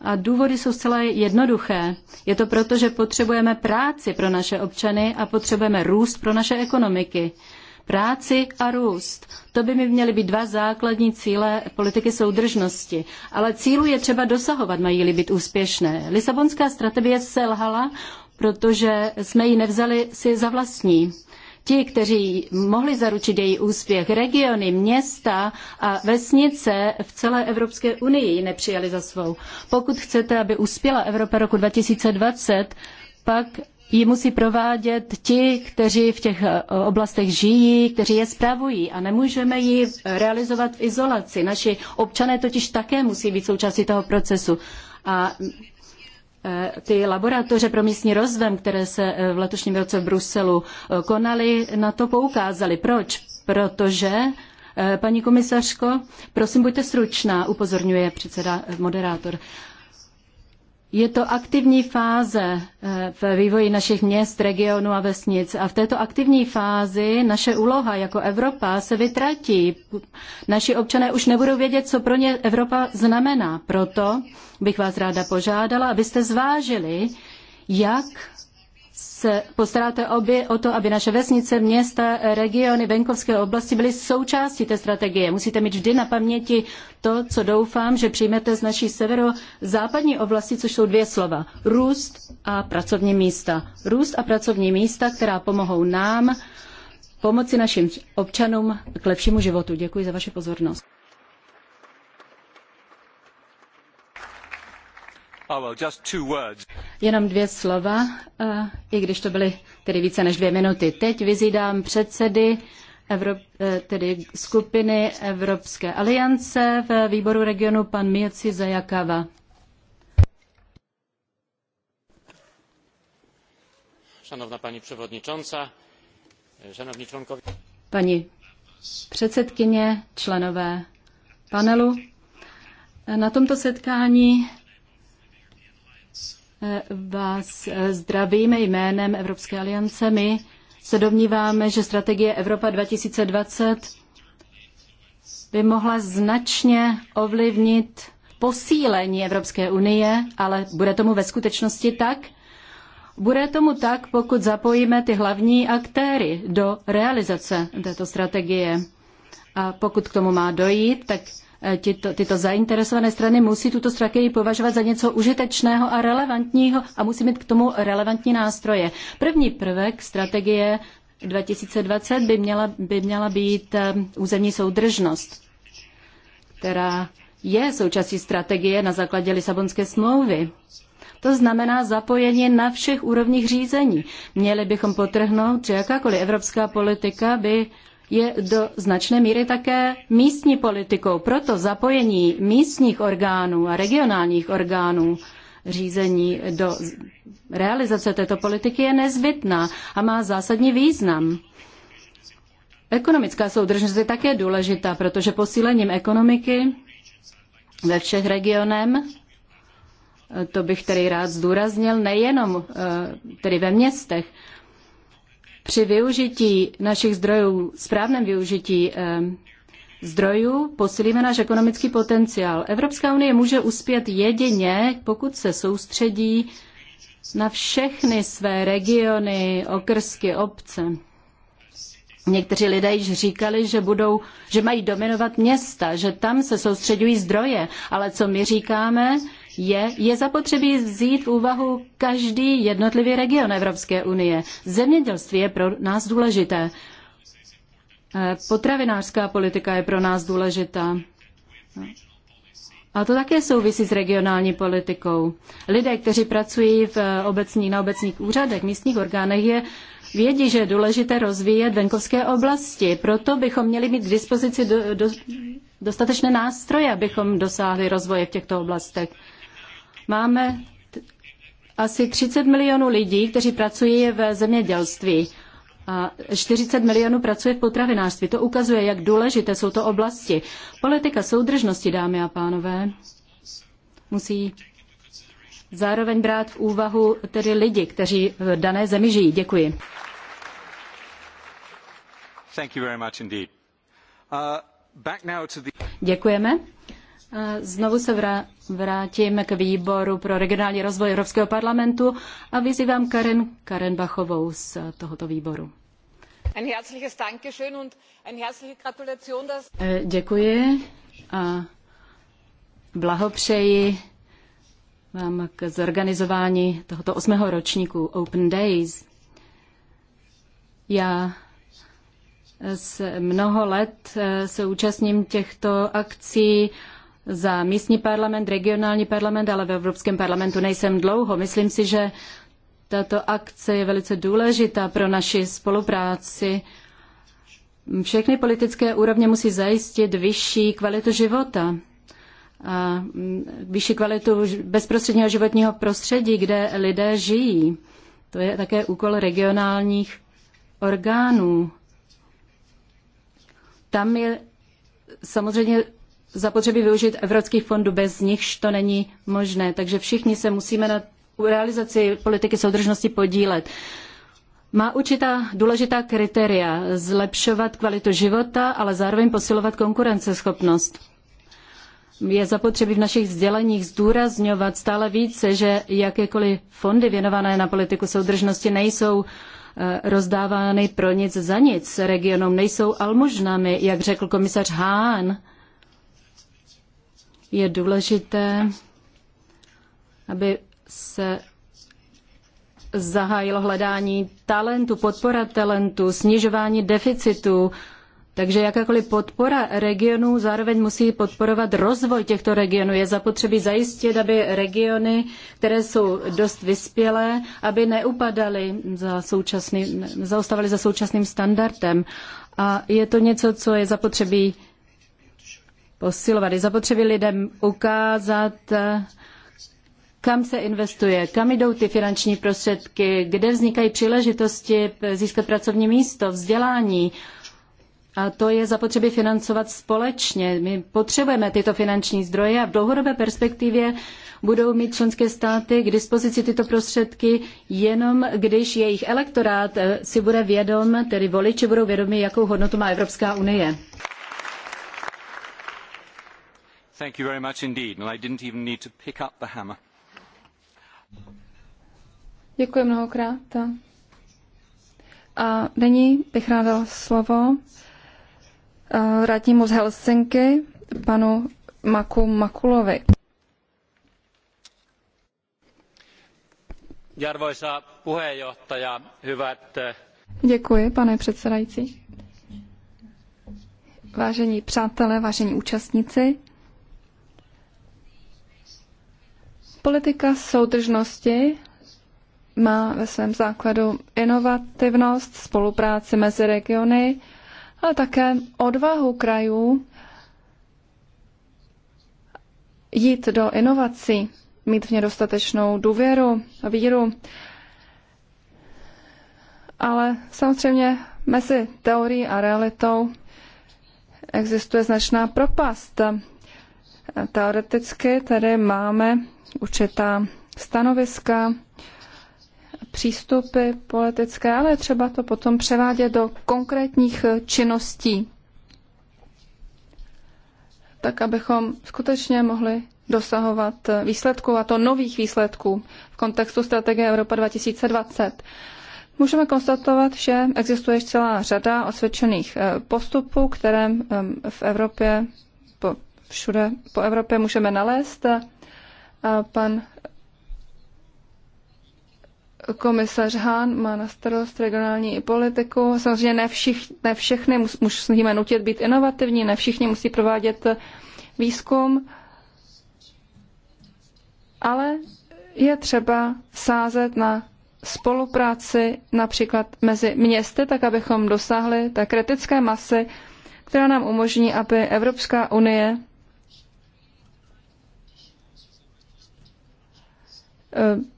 A důvody jsou zcela jednoduché. Je to proto, že potřebujeme práci pro naše občany a potřebujeme růst pro naše ekonomiky. Práci a růst. To by mi měly být dva základní cíle politiky soudržnosti. Ale cílu je třeba dosahovat, mají-li být úspěšné. Lisabonská strategie selhala, protože jsme ji nevzali si za vlastní ti, kteří mohli zaručit její úspěch, regiony, města a vesnice v celé Evropské unii ji nepřijali za svou. Pokud chcete, aby uspěla Evropa roku 2020, pak ji musí provádět ti, kteří v těch eh, oblastech žijí, kteří je spravují a nemůžeme ji realizovat v izolaci. Naši občané totiž také musí být součástí toho procesu. A Eh, ty laboratoře pro místní rozvoj, které se eh, v letošním roce v Bruselu eh, konaly, na to poukázaly. Proč? Protože Paní komisařko, prosím, buďte stručná, upozorňuje předseda moderátor. Je to aktivní fáze eh, v vývoji našich měst, regionů a vesnic. A v této aktivní fázi naše úloha jako Evropa se vytratí. Naši občané už nebudou vědět, co pro ně Evropa znamená. Proto bych vás ráda požádala, abyste zvážili, jak se postaráte obě o to, aby naše vesnice, města, regiony, venkovské oblasti byly součástí té strategie. Musíte mít vždy na paměti to, co doufám, že přijmete z naší severozápadní oblasti, což jsou dvě slova. Růst a pracovní místa. Růst a pracovní místa, která pomohou nám pomoci našim občanům k lepšímu životu. Děkuji za vaši pozornost. Oh, Jenom dvě slova, eh, i když to byly tedy více než dvě minuty. Teď vyzývám předsedy Evrop, eh, tedy skupiny Evropské aliance v výboru regionu pan Mieci Zajakava. Szanowna Pani paní Szanowni Członkowie. předsedkyně, členové panelu. Na tomto setkání vás zdravím jménem Evropské aliance. My se domníváme, že strategie Evropa 2020 by mohla značně ovlivnit posílení Evropské unie, ale bude tomu ve skutečnosti tak? Bude tomu tak, pokud zapojíme ty hlavní aktéry do realizace této strategie. A pokud k tomu má dojít, tak Eh, tyto, tyto zainteresované strany musí tuto strategii považovat za něco užitečného a relevantního a musí mít k tomu relevantní nástroje. První prvek strategie 2020 by měla, by měla být eh, územní soudržnost, která je součástí strategie na základě Lisabonské smlouvy. To znamená zapojení na všech úrovních řízení. Měli bychom potrhnout, že jakákoliv evropská politika by je do značné míry také místní politikou. Proto zapojení místních orgánů a regionálních orgánů řízení do realizace této politiky je nezbytná a má zásadní význam. Ekonomická soudržnost je také důležitá, protože posílením ekonomiky ve všech regionem, to bych tedy rád zdůraznil, nejenom eh, tedy ve městech, při využití našich zdrojů, správném využití eh, zdrojů posilíme náš ekonomický potenciál. Evropská unie může uspět jedině, pokud se soustředí na všechny své regiony, okrsky, obce. Někteří lidé již říkali, že, budou, že mají dominovat města, že tam se soustředují zdroje, ale co my říkáme, je, je zapotřebí vzít v úvahu každý jednotlivý region Evropské unie. Zemědělství je pro nás důležité. Eh, potravinářská politika je pro nás důležitá. A to také souvisí s regionální politikou. Lidé, kteří pracují v eh, obecní, na obecních úřadech, místních orgánech, je vědí, že je důležité rozvíjet venkovské oblasti. Proto bychom měli mít k dispozici do, do, dostatečné nástroje, abychom dosáhli rozvoje v těchto oblastech. Máme asi 30 milionů lidí, kteří pracují v zemědělství. A 40 milionů pracuje v potravinářství. To ukazuje, jak důležité jsou to oblasti. Politika soudržnosti, dámy a pánové, musí zároveň brát v úvahu tedy lidi, kteří v dané zemi žijí. Děkuji. Uh, Děkujeme. Znovu se vrátím k výboru pro regionální rozvoj Evropského parlamentu a vyzývám Karen Karen Bachovou z tohoto výboru. E, děkuji a blahopřeji vám k zorganizování tohoto osmého ročníku Open Days. Já s mnoho let e, se účastním těchto akcí za místní parlament, regionální parlament, ale v Evropském parlamentu nejsem dlouho. Myslím si, že tato akce je velice důležitá pro naši spolupráci. Všechny politické úrovně musí zajistit vyšší kvalitu života a vyšší kvalitu bezprostředního životního prostředí, kde lidé žijí. To je také úkol regionálních orgánů. Tam je samozřejmě zapotřebí využít evropských fondů, bez nichž to není možné. Takže všichni se musíme na realizaci politiky soudržnosti podílet. Má určitá důležitá kritéria zlepšovat kvalitu života, ale zároveň posilovat konkurenceschopnost. Je zapotřebí v našich sděleních zdůrazňovat stále více, že jakékoliv fondy věnované na politiku soudržnosti nejsou eh, rozdávány pro nic za nic regionům, nejsou almužnami, jak řekl komisař Hahn je důležité, aby se zahájilo hledání talentu, podpora talentu, snižování deficitu. Takže jakákoliv podpora regionů zároveň musí podporovat rozvoj těchto regionů. Je zapotřebí zajistit, aby regiony, které jsou dost vyspělé, aby neupadaly za současný, zaostávaly za současným standardem. A je to něco, co je zapotřebí posilovat. Je zapotřebí lidem ukázat, kam se investuje, kam jdou ty finanční prostředky, kde vznikají příležitosti získat pracovní místo, vzdělání. A to je zapotřebí financovat společně. My potřebujeme tyto finanční zdroje a v dlouhodobé perspektivě budou mít členské státy k dispozici tyto prostředky jenom, když jejich elektorát eh, si bude vědom, tedy voliči budou vědomi, jakou hodnotu má Evropská unie. Thank you very much indeed. And I didn't even need to pick up the hammer. Děkuji mnohokrát. A nyní bych ráda dal slovo eh, radnímu z Helsinky, panu Maku Makulovi. Eh, Děkuji, pane předsedající. Vážení přátelé, vážení účastníci, Politika soudržnosti má ve svém základu inovativnost, spolupráci mezi regiony, ale také odvahu krajů jít do inovací, mít v ně dostatečnou důvěru a víru. Ale samozřejmě mezi teorií a realitou existuje značná propast. Teoreticky tedy máme určitá stanoviska, přístupy politické, ale třeba to potom převádět do konkrétních činností, tak abychom skutečně mohli dosahovat výsledků, a to nových výsledků v kontextu strategie Evropa 2020. Můžeme konstatovat, že existuje celá řada osvědčených eh, postupů, které v Evropě, po, všude po Evropě můžeme nalézt. A pan komisař Hahn má na starost regionální politiku. Samozřejmě ne, všich, ne všechny musíme nutit být inovativní, ne všichni musí provádět výzkum, ale je třeba sázet na spolupráci například mezi městy, tak abychom dosáhli té kritické masy, která nám umožní, aby Evropská unie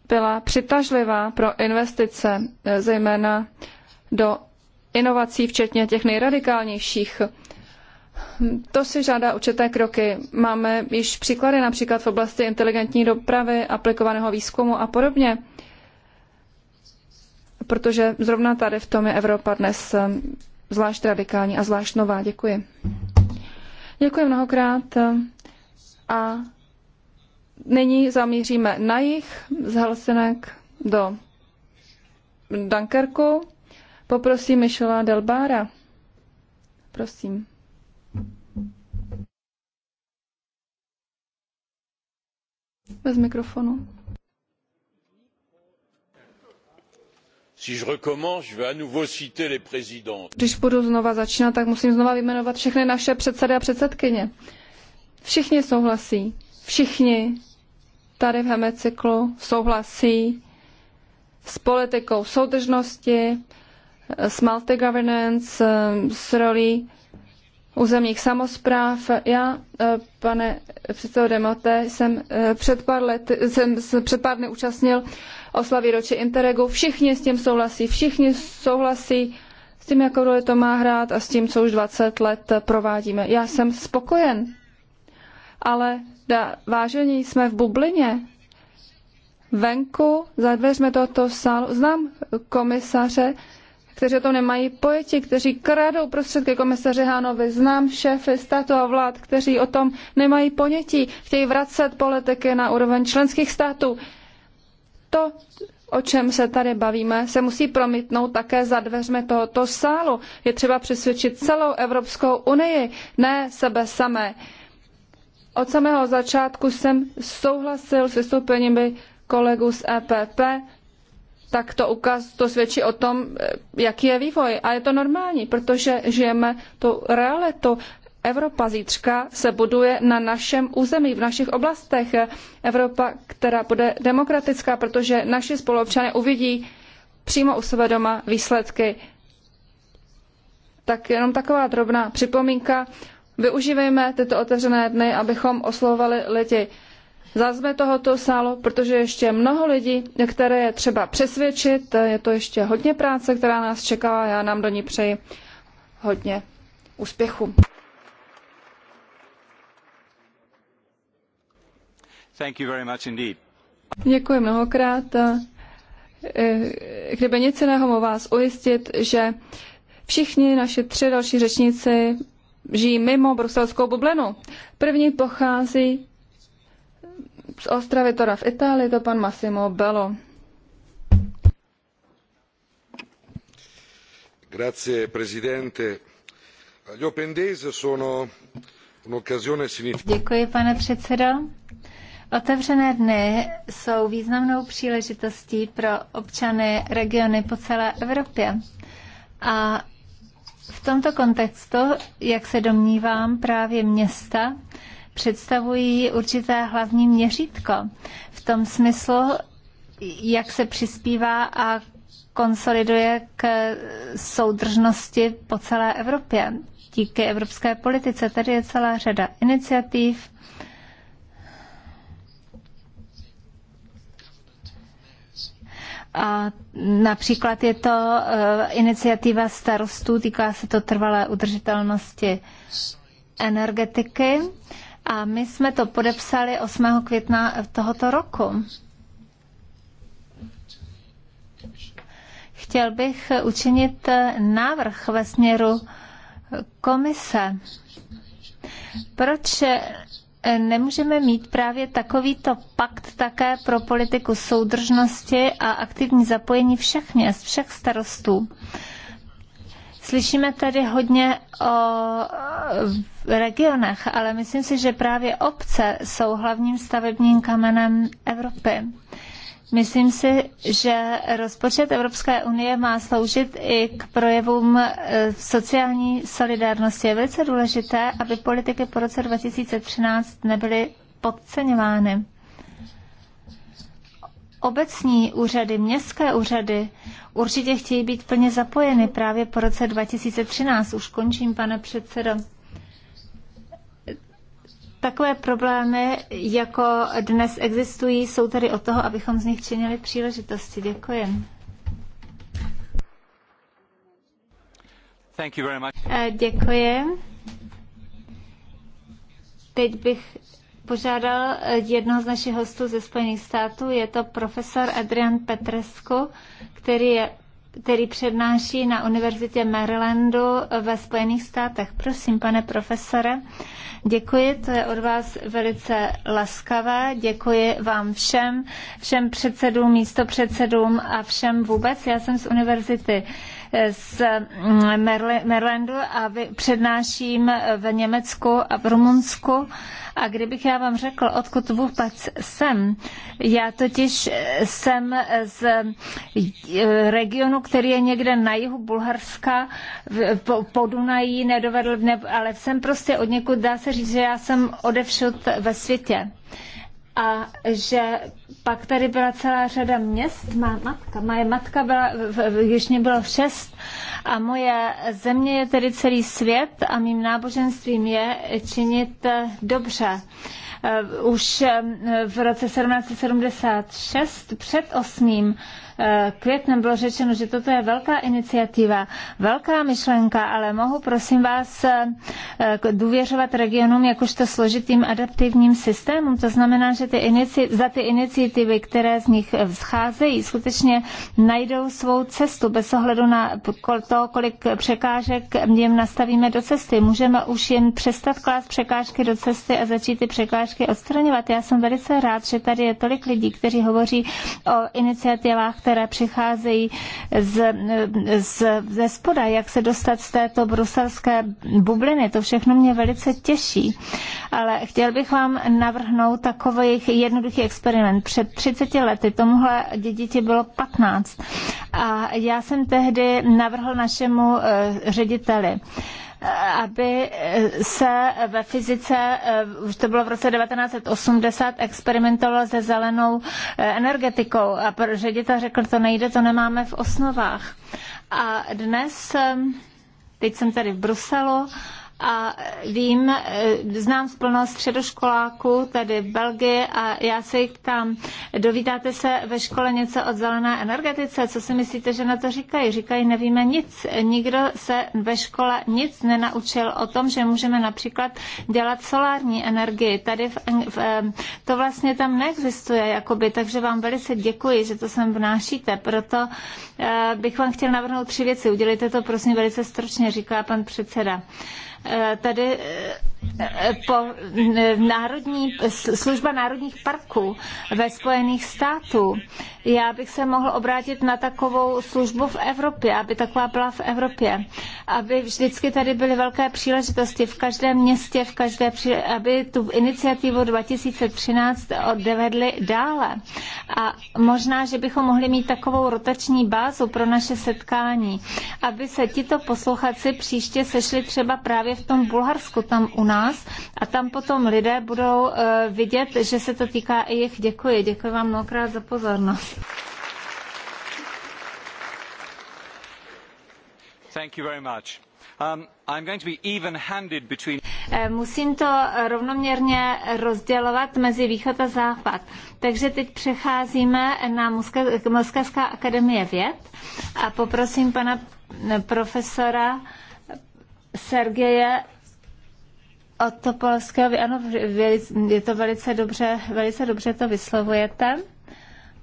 byla přitažlivá pro investice, eh, zejména do inovací, včetně těch nejradikálnějších. To si žádá určité kroky. Máme již příklady například v oblasti inteligentní dopravy, aplikovaného výzkumu a podobně. Protože zrovna tady v tom je Evropa dnes eh, zvlášť radikální a zvlášť nová. Děkuji. Děkuji mnohokrát eh, a Nyní zamíříme na jich z Helsinek do Dunkerku. Poprosím Michela Delbára. Prosím. Bez mikrofonu. Když budu znova začínat, tak musím znova vyjmenovat všechny naše předsedy a předsedkyně. Všichni souhlasí. Všichni tady v hemicyklu souhlasí s politikou soudržnosti, s multi-governance, s rolí územních samozpráv. Já, eh, pane předsedo Demote, jsem eh, před pár, let, jsem před pár dny účastnil oslavy roči Interregu. Všichni s tím souhlasí, všichni souhlasí s tím, jakou roli to má hrát a s tím, co už 20 let provádíme. Já jsem spokojen ale da, vážení, jsme v bublině. Venku, za dveřmi tohoto sálu, znám komisaře, kteří o tom nemají pojetí, kteří kradou prostředky komisaře Hánovi. Znám šéfy státu a vlád, kteří o tom nemají ponětí, chtějí vracet politiky na úroveň členských států. To, o čem se tady bavíme, se musí promítnout také za dveřmi tohoto sálu. Je třeba přesvědčit celou Evropskou unii, ne sebe samé. Od samého začátku jsem souhlasil s vystoupeními kolegů z EPP, tak to, ukaz, to svědčí o tom, eh, jaký je vývoj. A je to normální, protože žijeme tu realitu. Evropa zítřka se buduje na našem území, v našich oblastech. Evropa, která bude demokratická, protože naši spoluobčané uvidí přímo u sebe doma výsledky. Tak jenom taková drobná připomínka. Využívejme tyto otevřené dny, abychom oslovovali lidi. Zazme tohoto sálu, protože ještě mnoho lidí, které je třeba přesvědčit, je to ještě hodně práce, která nás čeká a já nám do ní přeji hodně úspěchu. Děkuji mnohokrát. Eh, kdyby nic jiného mohu vás ujistit, že všichni naši tři další řečníci žijí mimo bruselskou bublinu. První pochází z Ostravy, teda v Itálii, to pan Massimo Bello. Grazie, presidente. Gli open days sono un'occasione significativa. Děkuji, pane předsedo. Otevřené dny jsou významnou příležitostí pro občany regiony po celé Evropě. A v tomto kontextu, jak se domnívám, právě města představují určité hlavní měřítko v tom smyslu, jak se přispívá a konsoliduje k soudržnosti po celé Evropě. Díky evropské politice tady je celá řada iniciativ, A například je to eh, iniciativa starostů, týká se to trvalé udržitelnosti energetiky. A my jsme to podepsali 8. května tohoto roku. Chtěl bych učinit návrh ve směru komise. Proč E, nemůžeme mít právě takovýto pakt také pro politiku soudržnosti a aktivní zapojení všech měst, všech starostů. Slyšíme tady hodně o regionech, ale myslím si, že právě obce jsou hlavním stavebním kamenem Evropy. Myslím si, že rozpočet Evropské unie má sloužit i k projevům e, sociální solidárnosti. Je velice důležité, aby politiky po roce 2013 nebyly podceňovány. Obecní úřady, městské úřady určitě chtějí být plně zapojeny právě po roce 2013. Už končím, pane předsedo. Takové problémy, jako dnes existují, jsou tady o toho, abychom z nich činili příležitosti. Děkuji. Thank you very much. Eh, děkuji. Teď bych požádal eh, jednoho z našich hostů ze Spojených států, je to profesor Adrian Petresku, který je který přednáší na Univerzitě Marylandu ve Spojených státech. Prosím, pane profesore, děkuji, to je od vás velice laskavé. Děkuji vám všem, všem předsedům, místopředsedům a všem vůbec. Já jsem z Univerzity z Marylandu mm, a přednáším v Německu a v Rumunsku. A kdybych já vám řekl, odkud vůbec jsem, já totiž jsem z eh, regionu, který je někde na jihu Bulharska, po, po Dunají, nedovedl, ne, ale jsem prostě od někud, dá se říct, že já jsem odevšud ve světě a že pak tady byla celá řada měst, má matka, moje matka byla, když mě bylo šest a moje země je tedy celý svět a mým náboženstvím je činit eh, dobře eh, už eh, v roce 1776 před osmým květnem bylo řečeno, že toto je velká iniciativa, velká myšlenka, ale mohu prosím vás eh, důvěřovat regionům jakožto složitým adaptivním systémům. To znamená, že ty inici- za ty iniciativy, které z nich vzcházejí, skutečně najdou svou cestu bez ohledu na to, kolik překážek jim nastavíme do cesty. Můžeme už jen přestat klást překážky do cesty a začít ty překážky odstraňovat. Já jsem velice rád, že tady je tolik lidí, kteří hovoří o iniciativách, které přicházejí z, z, ze spoda, jak se dostat z této bruselské bubliny. To všechno mě velice těší. Ale chtěl bych vám navrhnout takový jednoduchý experiment. Před 30 lety tomuhle děti bylo 15. A já jsem tehdy navrhl našemu eh, řediteli, aby se ve fyzice, eh, už to bylo v roce 1980, experimentovalo se zelenou eh, energetikou a ředitel řekl, to nejde, to nemáme v osnovách. A dnes, eh, teď jsem tady v Bruselu, a vím, e, znám plno středoškoláků tady v Belgii a já se jich ptám, dovídáte se ve škole něco od zelené energetice? Co si myslíte, že na to říkají? Říkají, nevíme nic. Nikdo se ve škole nic nenaučil o tom, že můžeme například dělat solární energii. Tady v, v, e, to vlastně tam neexistuje, jakoby, takže vám velice děkuji, že to sem vnášíte. Proto e, bych vám chtěl navrhnout tři věci. Udělejte to prosím velice stručně, říká pan předseda. Eh, tady eh, po, národní, služba národních parků ve Spojených států. Já bych se mohl obrátit na takovou službu v Evropě, aby taková byla v Evropě. Aby vždycky tady byly velké příležitosti v každém městě, v každé, aby tu iniciativu 2013 odvedli dále. A možná, že bychom mohli mít takovou rotační bázu pro naše setkání, aby se tito posluchači příště sešli třeba právě v tom Bulharsku, tam u nás, nás a tam potom lidé budou eh, vidět, že se to týká i jich. Děkuji, děkuji vám mnohokrát za pozornost. Thank you very much. Um, I'm going to be even-handed between... Eh, musím to rovnoměrně rozdělovat mezi východ a západ. Takže teď přecházíme na Moskevská akademie věd a poprosím pana eh, profesora Sergeje od Topolského, ano, je to velice dobře, velice dobře to vyslovujete.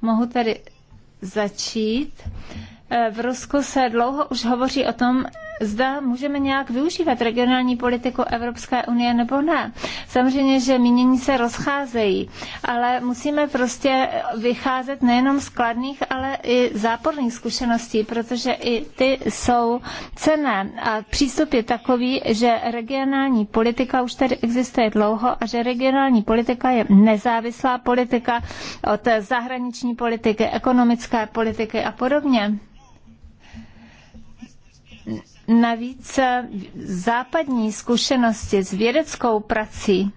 Mohu tedy začít. Eh, v Rusku se dlouho už hovoří o tom, zda můžeme nějak využívat regionální politiku Evropské unie nebo ne. Samozřejmě, že mínění se rozcházejí, ale musíme prostě vycházet nejenom z kladných, ale i záporných zkušeností, protože i ty jsou cené. A přístup je takový, že regionální politika už tady existuje dlouho a že regionální politika je nezávislá politika od zahraniční politiky, ekonomické politiky a podobně. Navíc eh, západní zkušenosti s vědeckou prací,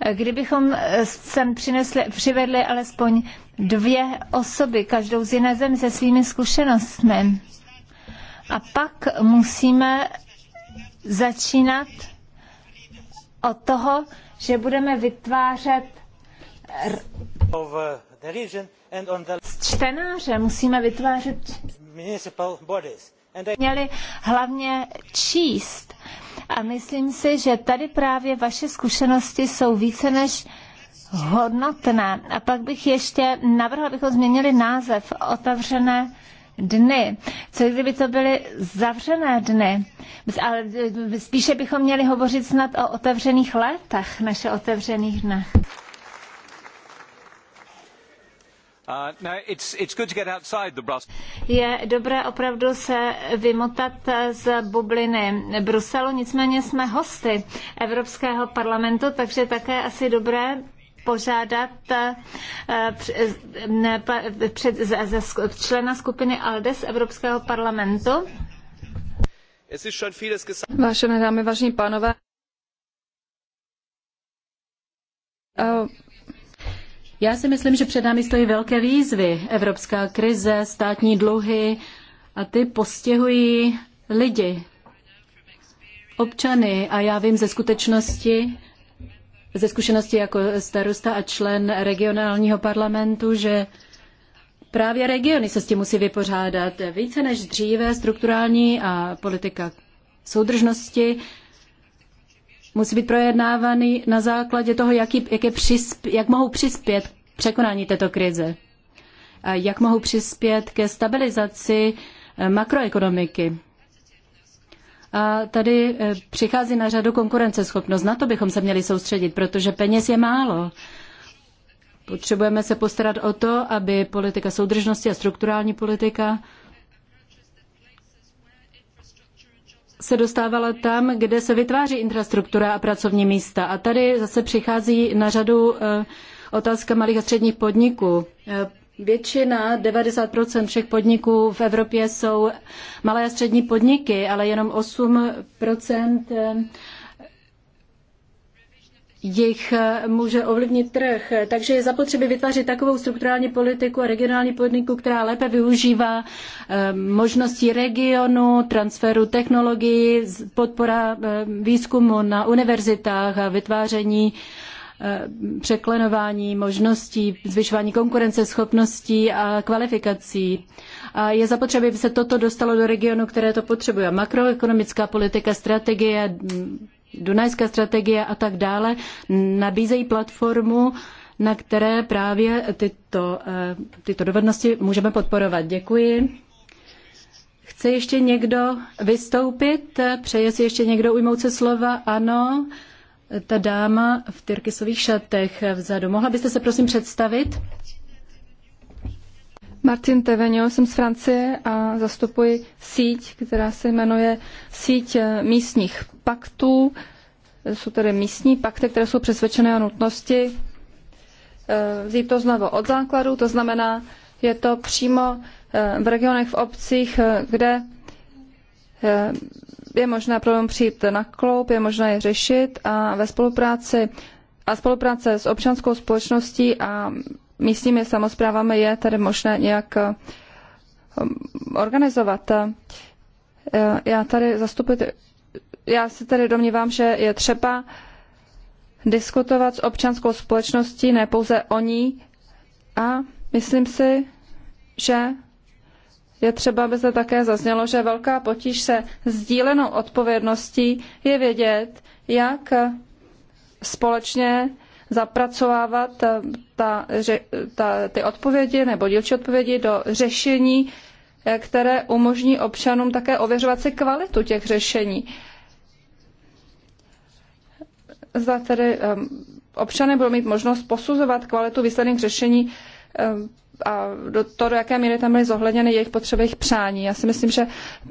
eh, kdybychom eh, sem přinesli, přivedli alespoň dvě osoby, každou z jiné země se svými zkušenostmi. A pak musíme začínat od toho, že budeme vytvářet s čtenáře musíme vytvářet měli hlavně číst. A myslím si, že tady právě vaše zkušenosti jsou více než hodnotné. A pak bych ještě navrhla, abychom změnili název otevřené dny. Co kdyby to byly zavřené dny? Ale e, spíše bychom měli hovořit snad o otevřených létech než o otevřených dnech. Je dobré opravdu se vymotat z bubliny Bruselu, nicméně jsme hosty Evropského parlamentu, takže také asi dobré požádat uh, uh, před, člena skupiny ALDE z Evropského parlamentu. Vážené dámy, vážení pánové, uh, já si myslím, že před námi stojí velké výzvy. Evropská krize, státní dluhy a ty postihují lidi, občany. A já vím ze skutečnosti, ze zkušenosti jako starosta a člen regionálního parlamentu, že právě regiony se s tím musí vypořádat. Více než dříve strukturální a politika soudržnosti musí být projednávány na základě toho, jaký, jak, přisp, jak mohou přispět k překonání této krize. A jak mohou přispět ke stabilizaci eh, makroekonomiky. A tady eh, přichází na řadu konkurenceschopnost. Na to bychom se měli soustředit, protože peněz je málo. Potřebujeme se postarat o to, aby politika soudržnosti a strukturální politika se dostávala tam, kde se vytváří infrastruktura a pracovní místa. A tady zase přichází na řadu eh, otázka malých a středních podniků. Eh, většina, 90% všech podniků v Evropě jsou malé a střední podniky, ale jenom 8% jich eh, může ovlivnit trh. Takže je zapotřebí vytvářet takovou strukturální politiku a regionální politiku, která lépe využívá eh, možnosti regionu, transferu technologií, podpora eh, výzkumu na univerzitách a vytváření překlenování možností, zvyšování konkurenceschopností a kvalifikací. A je zapotřebí, aby se toto dostalo do regionu, které to potřebuje. Makroekonomická politika, strategie, Dunajská strategie a tak dále nabízejí platformu, na které právě tyto, eh, tyto dovednosti můžeme podporovat. Děkuji. Chce ještě někdo vystoupit? Přeje si ještě někdo ujmout se slova? Ano. Ta dáma v tyrkysových šatech vzadu. Mohla byste se prosím představit? Martin Tevenio, jsem z Francie a zastupuji síť, která se jmenuje Síť místních paktů. Jsou tedy místní pakty, které jsou přesvědčené o nutnosti eh, vzít to znovu od základu, to znamená, je to přímo eh, v regionech, v obcích, eh, kde je možné problém přijít na kloup, je možné je řešit a ve spolupráci a spolupráce s občanskou společností a místními samozprávami je tady možné nějak organizovat. Já tady zastupuji já se tedy domnívám, že je třeba diskutovat s občanskou společností, ne pouze o ní. A myslím si, že je třeba, aby se také zaznělo, že velká potíž se sdílenou odpovědností je vědět, jak společně zapracovávat ta, ta, ty odpovědi nebo dílčí odpovědi do řešení, které umožní občanům také ověřovat si kvalitu těch řešení zda tedy občany budou mít možnost posuzovat kvalitu výsledných řešení a do, to, do jaké míry tam byly zohledněny jejich potřeby, jejich přání. Já si myslím, že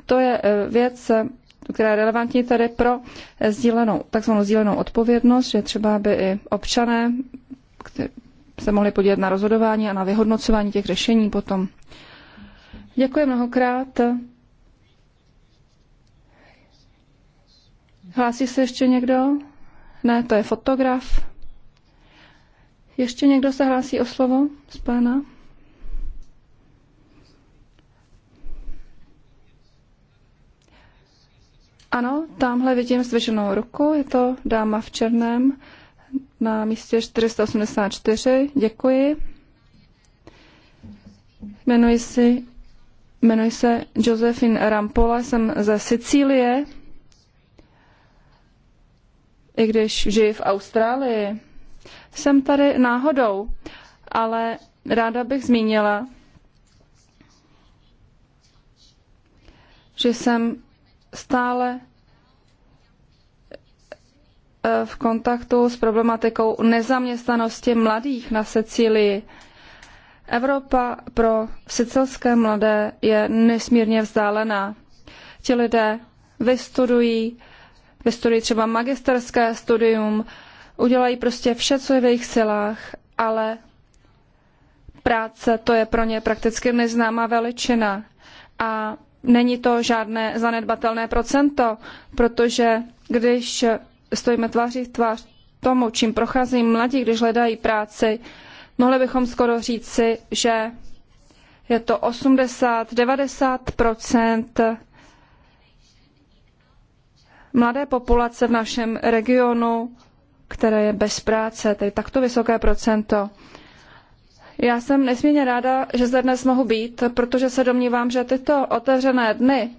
to je e, věc, e, která je relevantní tedy pro sdílenou, takzvanou sdílenou odpovědnost, že třeba by i občané se mohli podívat na rozhodování a na vyhodnocování těch řešení potom. Děkuji mnohokrát. Hlásí se ještě někdo? Ne, to je fotograf. Ještě někdo se hlásí o slovo z pléna? Ano, tamhle vidím zvěženou ruku, je to dáma v černém na místě 484. Děkuji. Jmenuji, si, jmenuji se Josephine Rampola, jsem ze Sicílie i když žiji v Austrálii. Jsem tady náhodou, ale ráda bych zmínila, že jsem stále e, v kontaktu s problematikou nezaměstnanosti mladých na Sicílii. Evropa pro sicilské mladé je nesmírně vzdálená. Ti lidé vystudují, vystudují třeba magisterské studium, udělají prostě vše, co je v jejich silách, ale práce to je pro ně prakticky neznámá veličina. A není to žádné zanedbatelné procento, protože když stojíme tváří v tvář tomu, čím prochází mladí, když hledají práci, mohli bychom skoro říci, že je to 80-90 mladé populace v našem regionu, které je bez práce, tedy takto vysoké procento. Já jsem nesmírně ráda, že zde dnes mohu být, protože se domnívám, že tyto otevřené dny,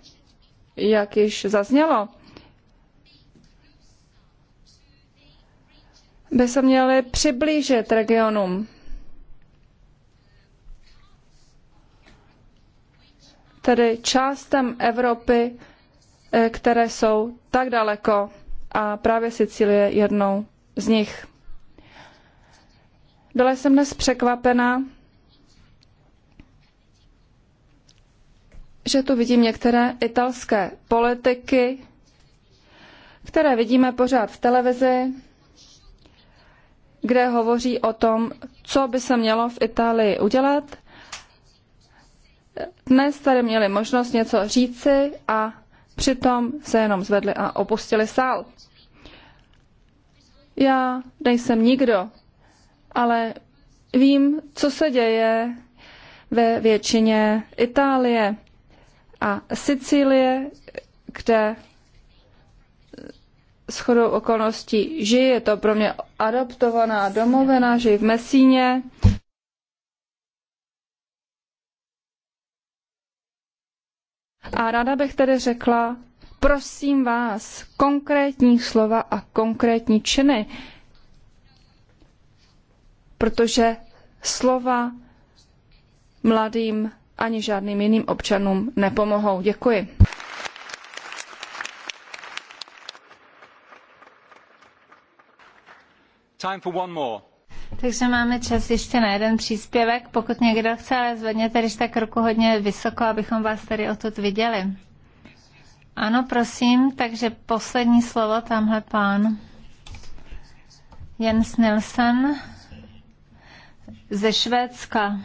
jak již zaznělo, by se měly přiblížit regionům. Tedy částem Evropy, Eh, které jsou tak daleko a právě Sicílie je jednou z nich. Byla jsem dnes překvapena, že tu vidím některé italské politiky, které vidíme pořád v televizi, kde hovoří o tom, co by se mělo v Itálii udělat. Dnes tady měli možnost něco říci a Přitom se jenom zvedli a opustili sál. Já nejsem nikdo, ale vím, co se děje ve většině Itálie a Sicílie, kde s chodou okolností žije Je to pro mě adoptovaná domovina, žiji v Mesíně, A ráda bych tedy řekla, prosím vás, konkrétní slova a konkrétní činy, protože slova mladým ani žádným jiným občanům nepomohou. Děkuji. Time for one more. Takže máme čas ještě na jeden příspěvek. Pokud někdo chce, ale zvedněte když tak ruku hodně vysoko, abychom vás tady odtud viděli. Ano, prosím, takže poslední slovo tamhle pán. Jens Nilsen ze Švédska.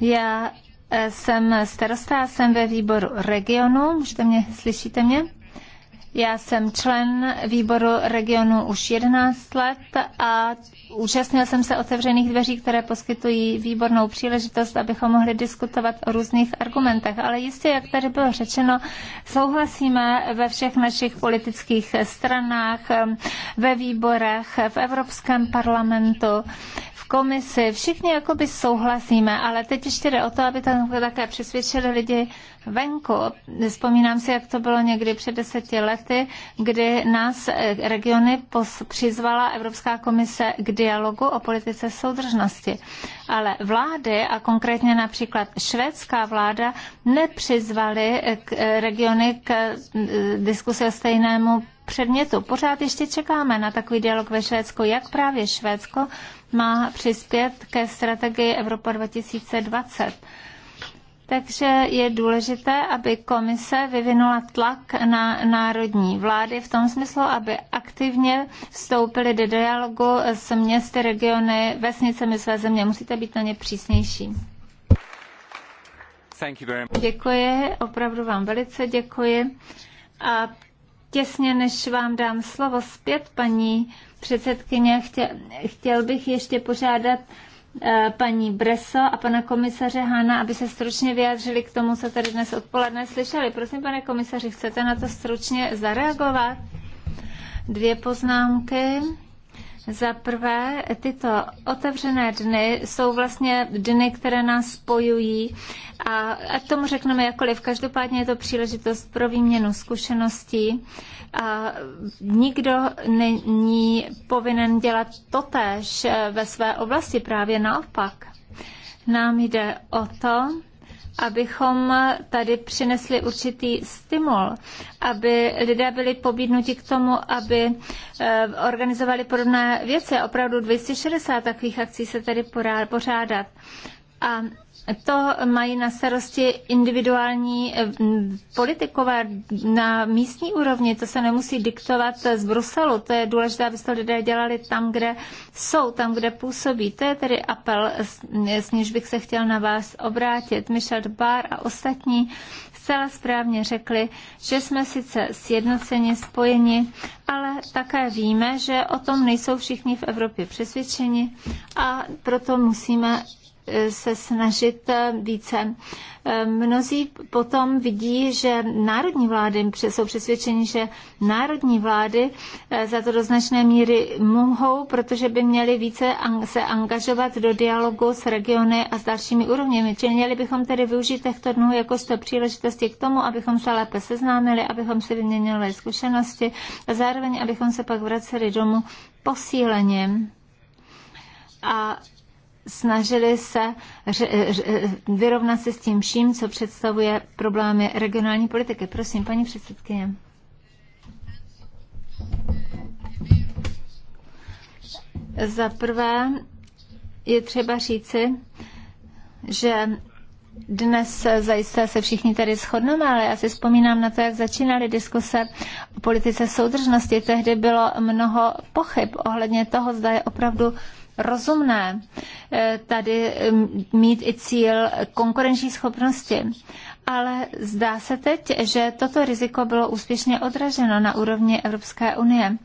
Já eh, jsem starostá, jsem ve výboru regionu. Můžete mě, slyšíte mě? Já jsem člen výboru regionu už 11 let a účastnil jsem se otevřených dveří, které poskytují výbornou příležitost, abychom mohli diskutovat o různých argumentech. Ale jistě, jak tady bylo řečeno, souhlasíme ve všech našich politických stranách, ve výborech, v Evropském parlamentu komisi, všichni jakoby souhlasíme, ale teď ještě jde o to, aby tam také přesvědčili lidi venku. Vzpomínám si, jak to bylo někdy před deseti lety, kdy nás eh, regiony přizvala Evropská komise k dialogu o politice soudržnosti. Ale vlády, a konkrétně například švédská vláda, nepřizvaly eh, eh, regiony k diskusi o stejnému předmětu. Pořád ještě čekáme na takový dialog ve Švédsku, jak právě Švédsko má přispět ke strategii Evropa 2020. Takže je důležité, aby komise vyvinula tlak na národní vlády v tom smyslu, aby aktivně vstoupili do dialogu s městy, regiony, vesnicemi své země. Musíte být na ně přísnější. Děkuji, opravdu vám velice děkuji. A těsně, než vám dám slovo zpět, paní předsedkyně, chtěl, chtěl bych ještě požádat eh, paní Breso a pana komisaře Hána, aby se stručně vyjádřili k tomu, co tady dnes odpoledne slyšeli. Prosím, pane komisaři, chcete na to stručně zareagovat? Dvě poznámky. Za prvé, tyto otevřené dny jsou vlastně dny, které nás spojují a ať tomu řekneme jakoliv, každopádně je to příležitost pro výměnu zkušeností a nikdo není povinen dělat totéž eh, ve své oblasti, právě naopak. Nám jde o to, abychom tady přinesli určitý stimul, aby lidé byli pobídnuti k tomu, aby eh, organizovali podobné věci. Opravdu 260 takových akcí se tady pořádat. A to mají na starosti individuální eh, politikové na místní úrovni. To se nemusí diktovat z Bruselu. To je důležité, aby se lidé dělali tam, kde jsou, tam, kde působí. To je tedy apel, s níž bych se chtěl na vás obrátit. Michel Bar a ostatní zcela správně řekli, že jsme sice sjednoceni, spojeni, ale také víme, že o tom nejsou všichni v Evropě přesvědčeni a proto musíme se snažit eh, více. Eh, mnozí potom vidí, že národní vlády jsou přesvědčeni, že národní vlády eh, za to do značné míry mohou, protože by měly více se angažovat do dialogu s regiony a s dalšími úrovněmi. Čili měli bychom tedy využít těchto dnů jakožto příležitosti k tomu, abychom se lépe seznámili, abychom si vyměnili zkušenosti a zároveň, abychom se pak vraceli domů posíleně. A snažili se vyrovnat se s tím vším, co představuje problémy regionální politiky. Prosím, paní předsedkyně. Za prvé je třeba říci, že dnes zajisté se všichni tady shodneme, ale já si vzpomínám na to, jak začínaly diskuse o politice soudržnosti. Tehdy bylo mnoho pochyb ohledně toho, zda je opravdu rozumné eh, tady mít i cíl konkurenční schopnosti ale zdá se teď, že toto riziko bylo úspěšně odraženo na úrovni Evropské unie.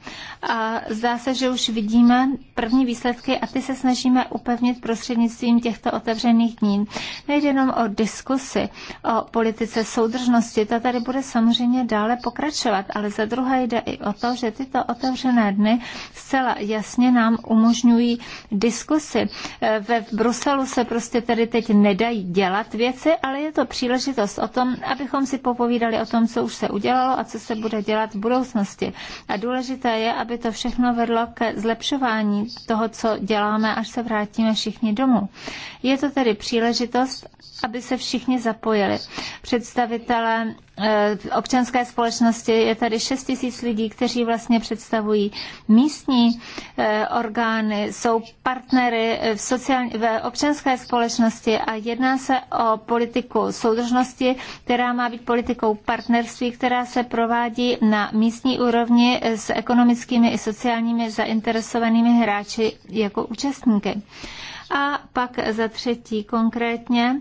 A zdá se, že už vidíme první výsledky a ty se snažíme upevnit prostřednictvím těchto otevřených dní. Nejde jenom o diskusy o politice soudržnosti, ta tady bude samozřejmě dále pokračovat, ale za druhé jde i o to, že tyto otevřené dny zcela jasně nám umožňují diskusy. E, ve Bruselu se prostě tady teď nedají dělat věci, ale je to příležitost čas o tom, abychom si popovídali o tom, co už se udělalo a co se bude dělat v budoucnosti. A důležité je, aby to všechno vedlo ke zlepšování toho, co děláme, až se vrátíme všichni domů. Je to tedy příležitost, aby se všichni zapojili. Představitelé Eh, občanské společnosti je tady 6 tisíc lidí, kteří vlastně představují místní eh, orgány, jsou partnery eh, v, sociální, v občanské společnosti a jedná se o politiku soudržnosti, která má být politikou partnerství, která se provádí na místní úrovni s ekonomickými i sociálními zainteresovanými hráči jako účastníky. A pak za třetí konkrétně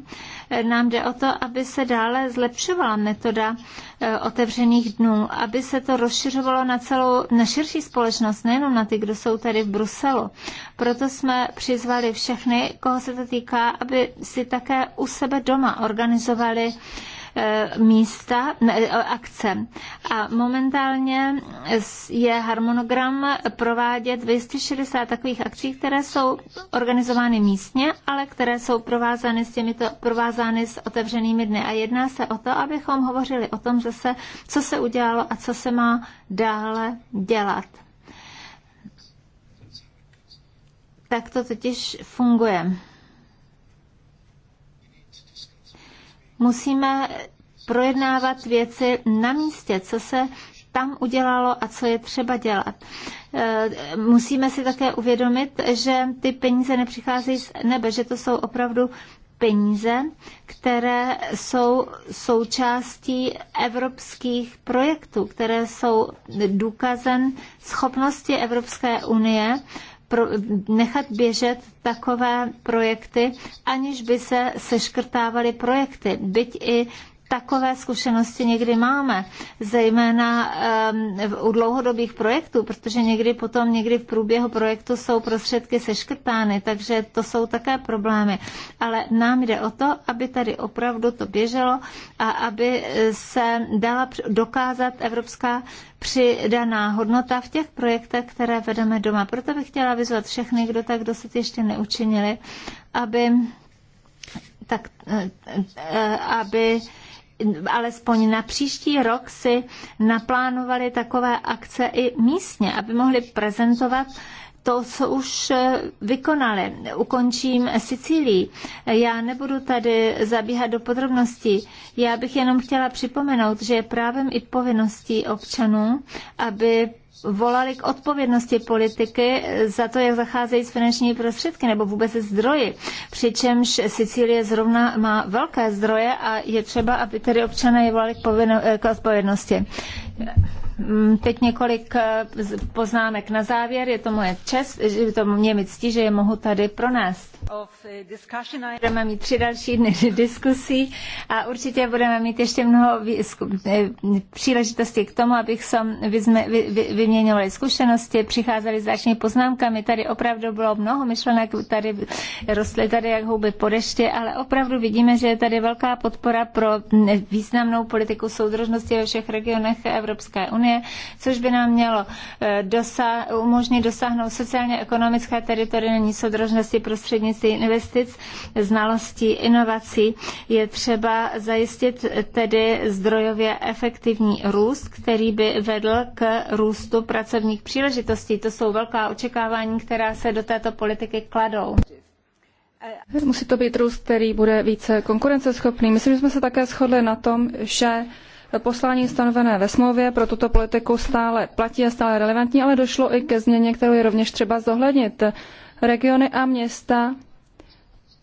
nám jde o to, aby se dále zlepšovala metoda eh, otevřených dnů, aby se to rozšiřovalo na celou, na širší společnost, nejenom na ty, kdo jsou tady v Bruselu. Proto jsme přizvali všechny, koho se to týká, aby si také u sebe doma organizovali E, místa, e, akce. A momentálně je harmonogram provádět 260 takových akcí, které jsou organizovány místně, ale které jsou provázány s těmito, provázány s otevřenými dny. A jedná se o to, abychom hovořili o tom zase, co se udělalo a co se má dále dělat. Tak to totiž funguje. musíme projednávat věci na místě, co se tam udělalo a co je třeba dělat. E, musíme si také uvědomit, že ty peníze nepřicházejí z nebe, že to jsou opravdu peníze, které jsou součástí evropských projektů, které jsou důkazem schopnosti Evropské unie pro, nechat běžet takové projekty, aniž by se seškrtávaly projekty, byť i takové zkušenosti někdy máme, zejména u dlouhodobých projektů, protože někdy potom, někdy v průběhu projektu jsou prostředky seškrtány, takže to jsou také problémy. Ale nám jde o to, aby tady opravdu to běželo a aby se dala dokázat Evropská přidaná hodnota v těch projektech, které vedeme doma. Proto bych chtěla vyzvat všechny, kdo tak dosud ještě neučinili, aby tak, eh, aby alespoň na příští rok si naplánovali takové akce i místně, aby mohli prezentovat to, co už eh, vykonali. Ukončím Sicílii. Já nebudu tady zabíhat do podrobností. Já bych jenom chtěla připomenout, že je právem i povinností občanů, aby volali k odpovědnosti politiky za to, jak zacházejí s finančními prostředky nebo vůbec se zdroji. Přičemž Sicílie zrovna má velké zdroje a je třeba, aby tedy občané je volali k, eh, k odpovědnosti. Mm, teď několik eh, poznámek na závěr. Je to moje čest, že to mě mi ctí, že je mohu tady pronést. Eh, budeme mít tři další dny diskusí a určitě budeme mít ještě mnoho eh, příležitostí k tomu, abych som vyměňovali zkušenosti, přicházeli s dalšími poznámkami. Tady opravdu bylo mnoho myšlenek, tady rostly tady jak houby po dešti, ale opravdu vidíme, že je tady velká podpora pro mm, významnou politiku soudržnosti ve všech regionech Evropské unie unie, což by nám mělo eh, dosa- umožnit dosáhnout sociálně, ekonomické teritoriální soudržnosti prostřednictvím investic, znalostí, inovací. Je třeba zajistit tedy zdrojově efektivní růst, který by vedl k růstu pracovních příležitostí. To jsou velká očekávání, která se do této politiky kladou. Musí to být růst, který bude více konkurenceschopný. Myslím, že jsme se také shodli na tom, že poslání stanovené ve smlouvě pro tuto politiku stále platí a stále relevantní, ale došlo i ke změně, kterou je rovněž třeba zohlednit. Regiony a města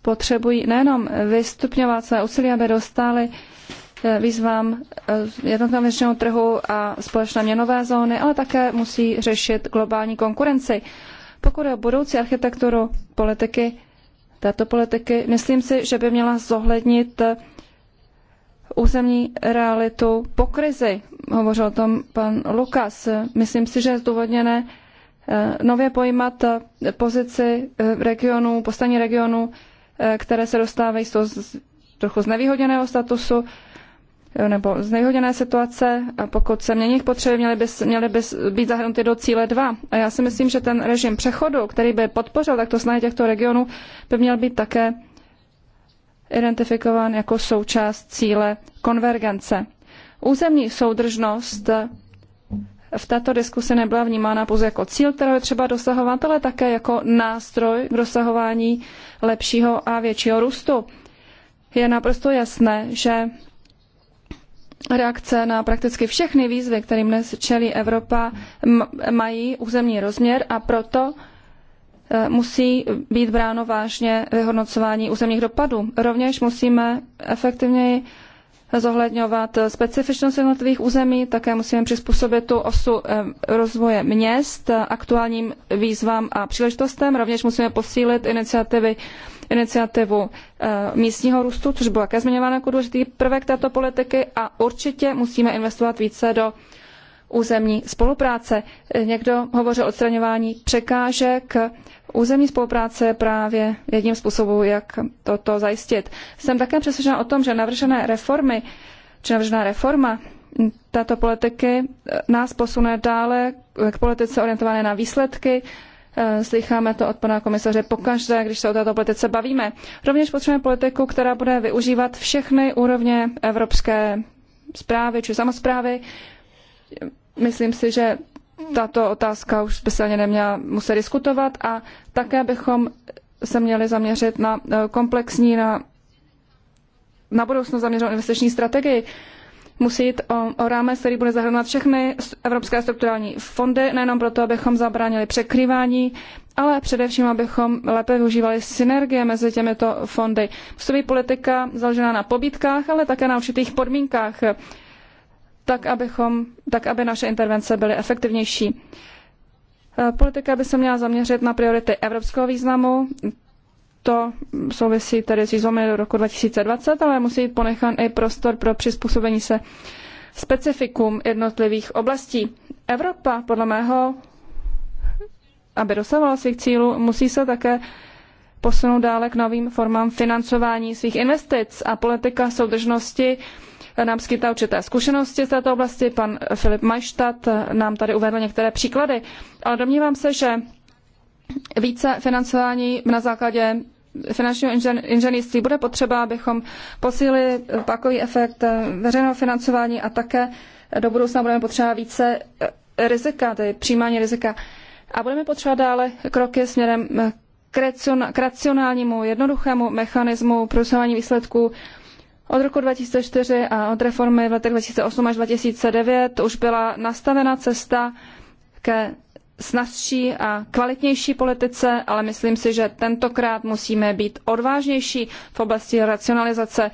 potřebují nejenom vystupňovat své úsilí, aby dostali eh, výzvám eh, jednotného vnitřního trhu a společné měnové zóny, ale také musí řešit globální konkurenci. Pokud je o budoucí architekturu politiky, této politiky, myslím si, že by měla zohlednit územní realitu po krizi. Hovořil o tom pan Lukas. Myslím si, že je zdůvodněné eh, nově pojímat eh, pozici eh, regionu, postavení regionu, které se dostávají z toho trochu znevýhodněného statusu nebo znevýhodněné situace. A pokud se mění jejich potřeby, měly by, měly by být zahrnuty do cíle 2. A já si myslím, že ten režim přechodu, který by podpořil takto snahy těchto regionů, by měl být také identifikován jako součást cíle konvergence. Územní soudržnost v této diskusi nebyla vnímána pouze jako cíl, kterého je třeba dosahovat, ale také jako nástroj k dosahování lepšího a většího růstu. Je naprosto jasné, že reakce na prakticky všechny výzvy, kterým dnes čelí Evropa, mají územní rozměr a proto Eh, musí být bráno vážně vyhodnocování územních dopadů. Rovněž musíme efektivněji zohledňovat specifičnost jednotlivých území, také musíme přizpůsobit tu osu eh, rozvoje měst aktuálním výzvám a příležitostem. Rovněž musíme posílit iniciativy, iniciativu eh, místního růstu, což bylo také zmiňováno jako důležitý prvek této politiky a určitě musíme investovat více do územní spolupráce. Někdo hovořil o odstraňování překážek, Územní spolupráce je právě jedním způsobů, jak toto zajistit. Jsem také přesvědčena o tom, že navržené reformy, či navržená reforma této politiky eh, nás posune dále k politice orientované na výsledky. Eh, slycháme to od pana komisaře pokaždé, když se o této politice bavíme. Rovněž potřebujeme politiku, která bude využívat všechny úrovně evropské zprávy či samozprávy. Myslím si, že tato otázka už speciálně neměla muset diskutovat a také bychom se měli zaměřit na eh, komplexní, na, na budoucnost zaměřenou investiční strategii. Musí jít o, o rámec, který bude zahrnovat všechny evropské strukturální fondy, nejenom proto, abychom zabránili překrývání, ale především, abychom lépe využívali synergie mezi těmito fondy. Musí být politika založená na pobídkách, ale také na určitých podmínkách tak, abychom, tak aby naše intervence byly efektivnější. Eh, politika by se měla zaměřit na priority evropského významu. To souvisí tedy s výzvami do roku 2020, ale musí být ponechan i prostor pro přizpůsobení se specifikům jednotlivých oblastí. Evropa, podle mého, aby dosahovala svých cílů, musí se také posunout dále k novým formám financování svých investic a politika soudržnosti uh, nám skýtá určité zkušenosti z této oblasti. Pan Filip Majštat nám tady uvedl některé příklady. Ale domnívám se, že více financování na základě finančního inženýrství bude potřeba, abychom posílili pakový efekt veřejného financování a také do budoucna budeme potřebovat více rizika, tedy přijímání rizika. A budeme potřebovat dále kroky směrem k racionálnímu, jednoduchému mechanismu prosování výsledků od roku 2004 a od reformy v letech 2008 až 2009 už byla nastavena cesta ke snazší a kvalitnější politice, ale myslím si, že tentokrát musíme být odvážnější v oblasti racionalizace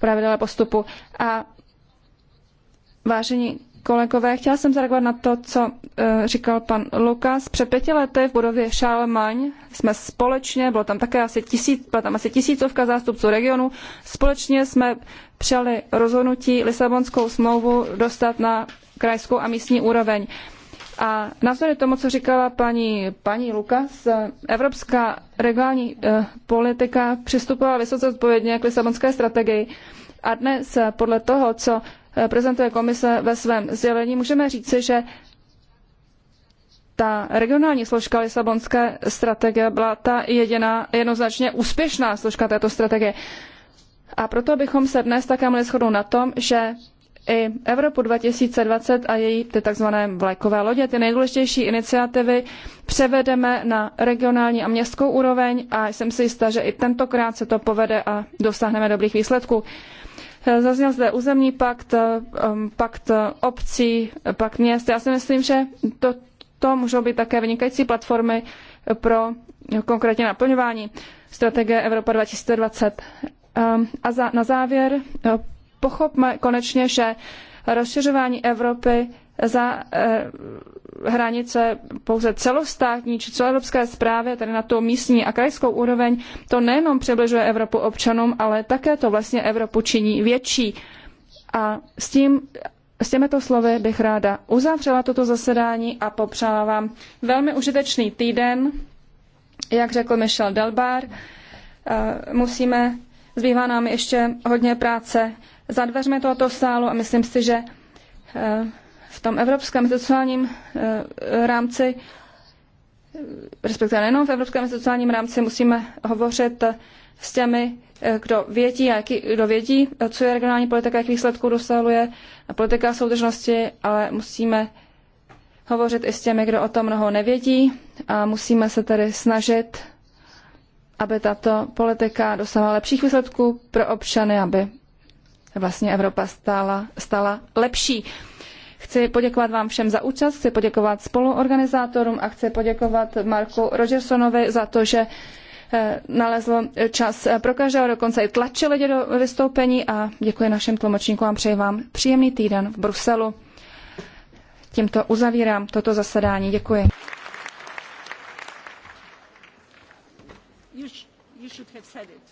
pravidel postupu. A vážení kolegové. Chtěla jsem zareagovat na to, co eh, říkal pan Lukas. Před pěti lety v budově Šálmaň jsme společně, bylo tam také asi tisíc, byla tam asi tisícovka zástupců regionu, společně jsme přijali rozhodnutí Lisabonskou smlouvu dostat na krajskou a místní úroveň. A navzdory tomu, co říkala paní, paní Lukas, evropská regionální eh, politika přistupovala vysoce odpovědně k Lisabonské strategii. A dnes eh, podle toho, co Eh, prezentuje komise ve svém sdělení, můžeme říci, že ta regionální složka Lisabonské strategie byla ta jediná jednoznačně úspěšná složka této strategie. A proto bychom se dnes také měli shodnout na tom, že i Evropu 2020 a její ty takzvané vlajkové lodě, ty nejdůležitější iniciativy, převedeme na regionální a městskou úroveň a jsem si jistá, že i tentokrát se to povede a dosáhneme dobrých výsledků. Zazněl zde územní pakt, eh, um, pakt obcí, pakt měst. Já si myslím, že to, to můžou být také vynikající platformy pro konkrétně naplňování strategie Evropa 2020. Ehm, a za, na závěr eh, pochopme konečně, že rozšiřování Evropy za eh, hranice pouze celostátní či celoevropské zprávy, tedy na tu místní a krajskou úroveň, to nejenom přibližuje Evropu občanům, ale také to vlastně Evropu činí větší. A s, tím, s těmito slovy bych ráda uzavřela toto zasedání a popřála vám velmi užitečný týden. Jak řekl Michel Delbar, eh, musíme, zbývá nám ještě hodně práce za dveřmi tohoto sálu a myslím si, že eh, v tom evropském institucionálním eh, rámci, respektive nejenom v evropském institucionálním rámci, musíme hovořit eh, s těmi, eh, kdo vědí, jaký, kdo vědí, co je regionální politika, jakých výsledků dosahuje politika soudržnosti, ale musíme hovořit i s těmi, kdo o tom mnoho nevědí a musíme se tedy snažit, aby tato politika dosáhla lepších výsledků pro občany, aby vlastně Evropa stála, stala lepší. Chci poděkovat vám všem za účast, chci poděkovat spoluorganizátorům a chci poděkovat Marku Rogersonovi za to, že eh, nalezl čas pro každého, dokonce i tlačil lidi do vystoupení a děkuji našim tlumočníkům a přeji vám příjemný týden v Bruselu. Tímto uzavírám toto zasedání. Děkuji. You should have said it.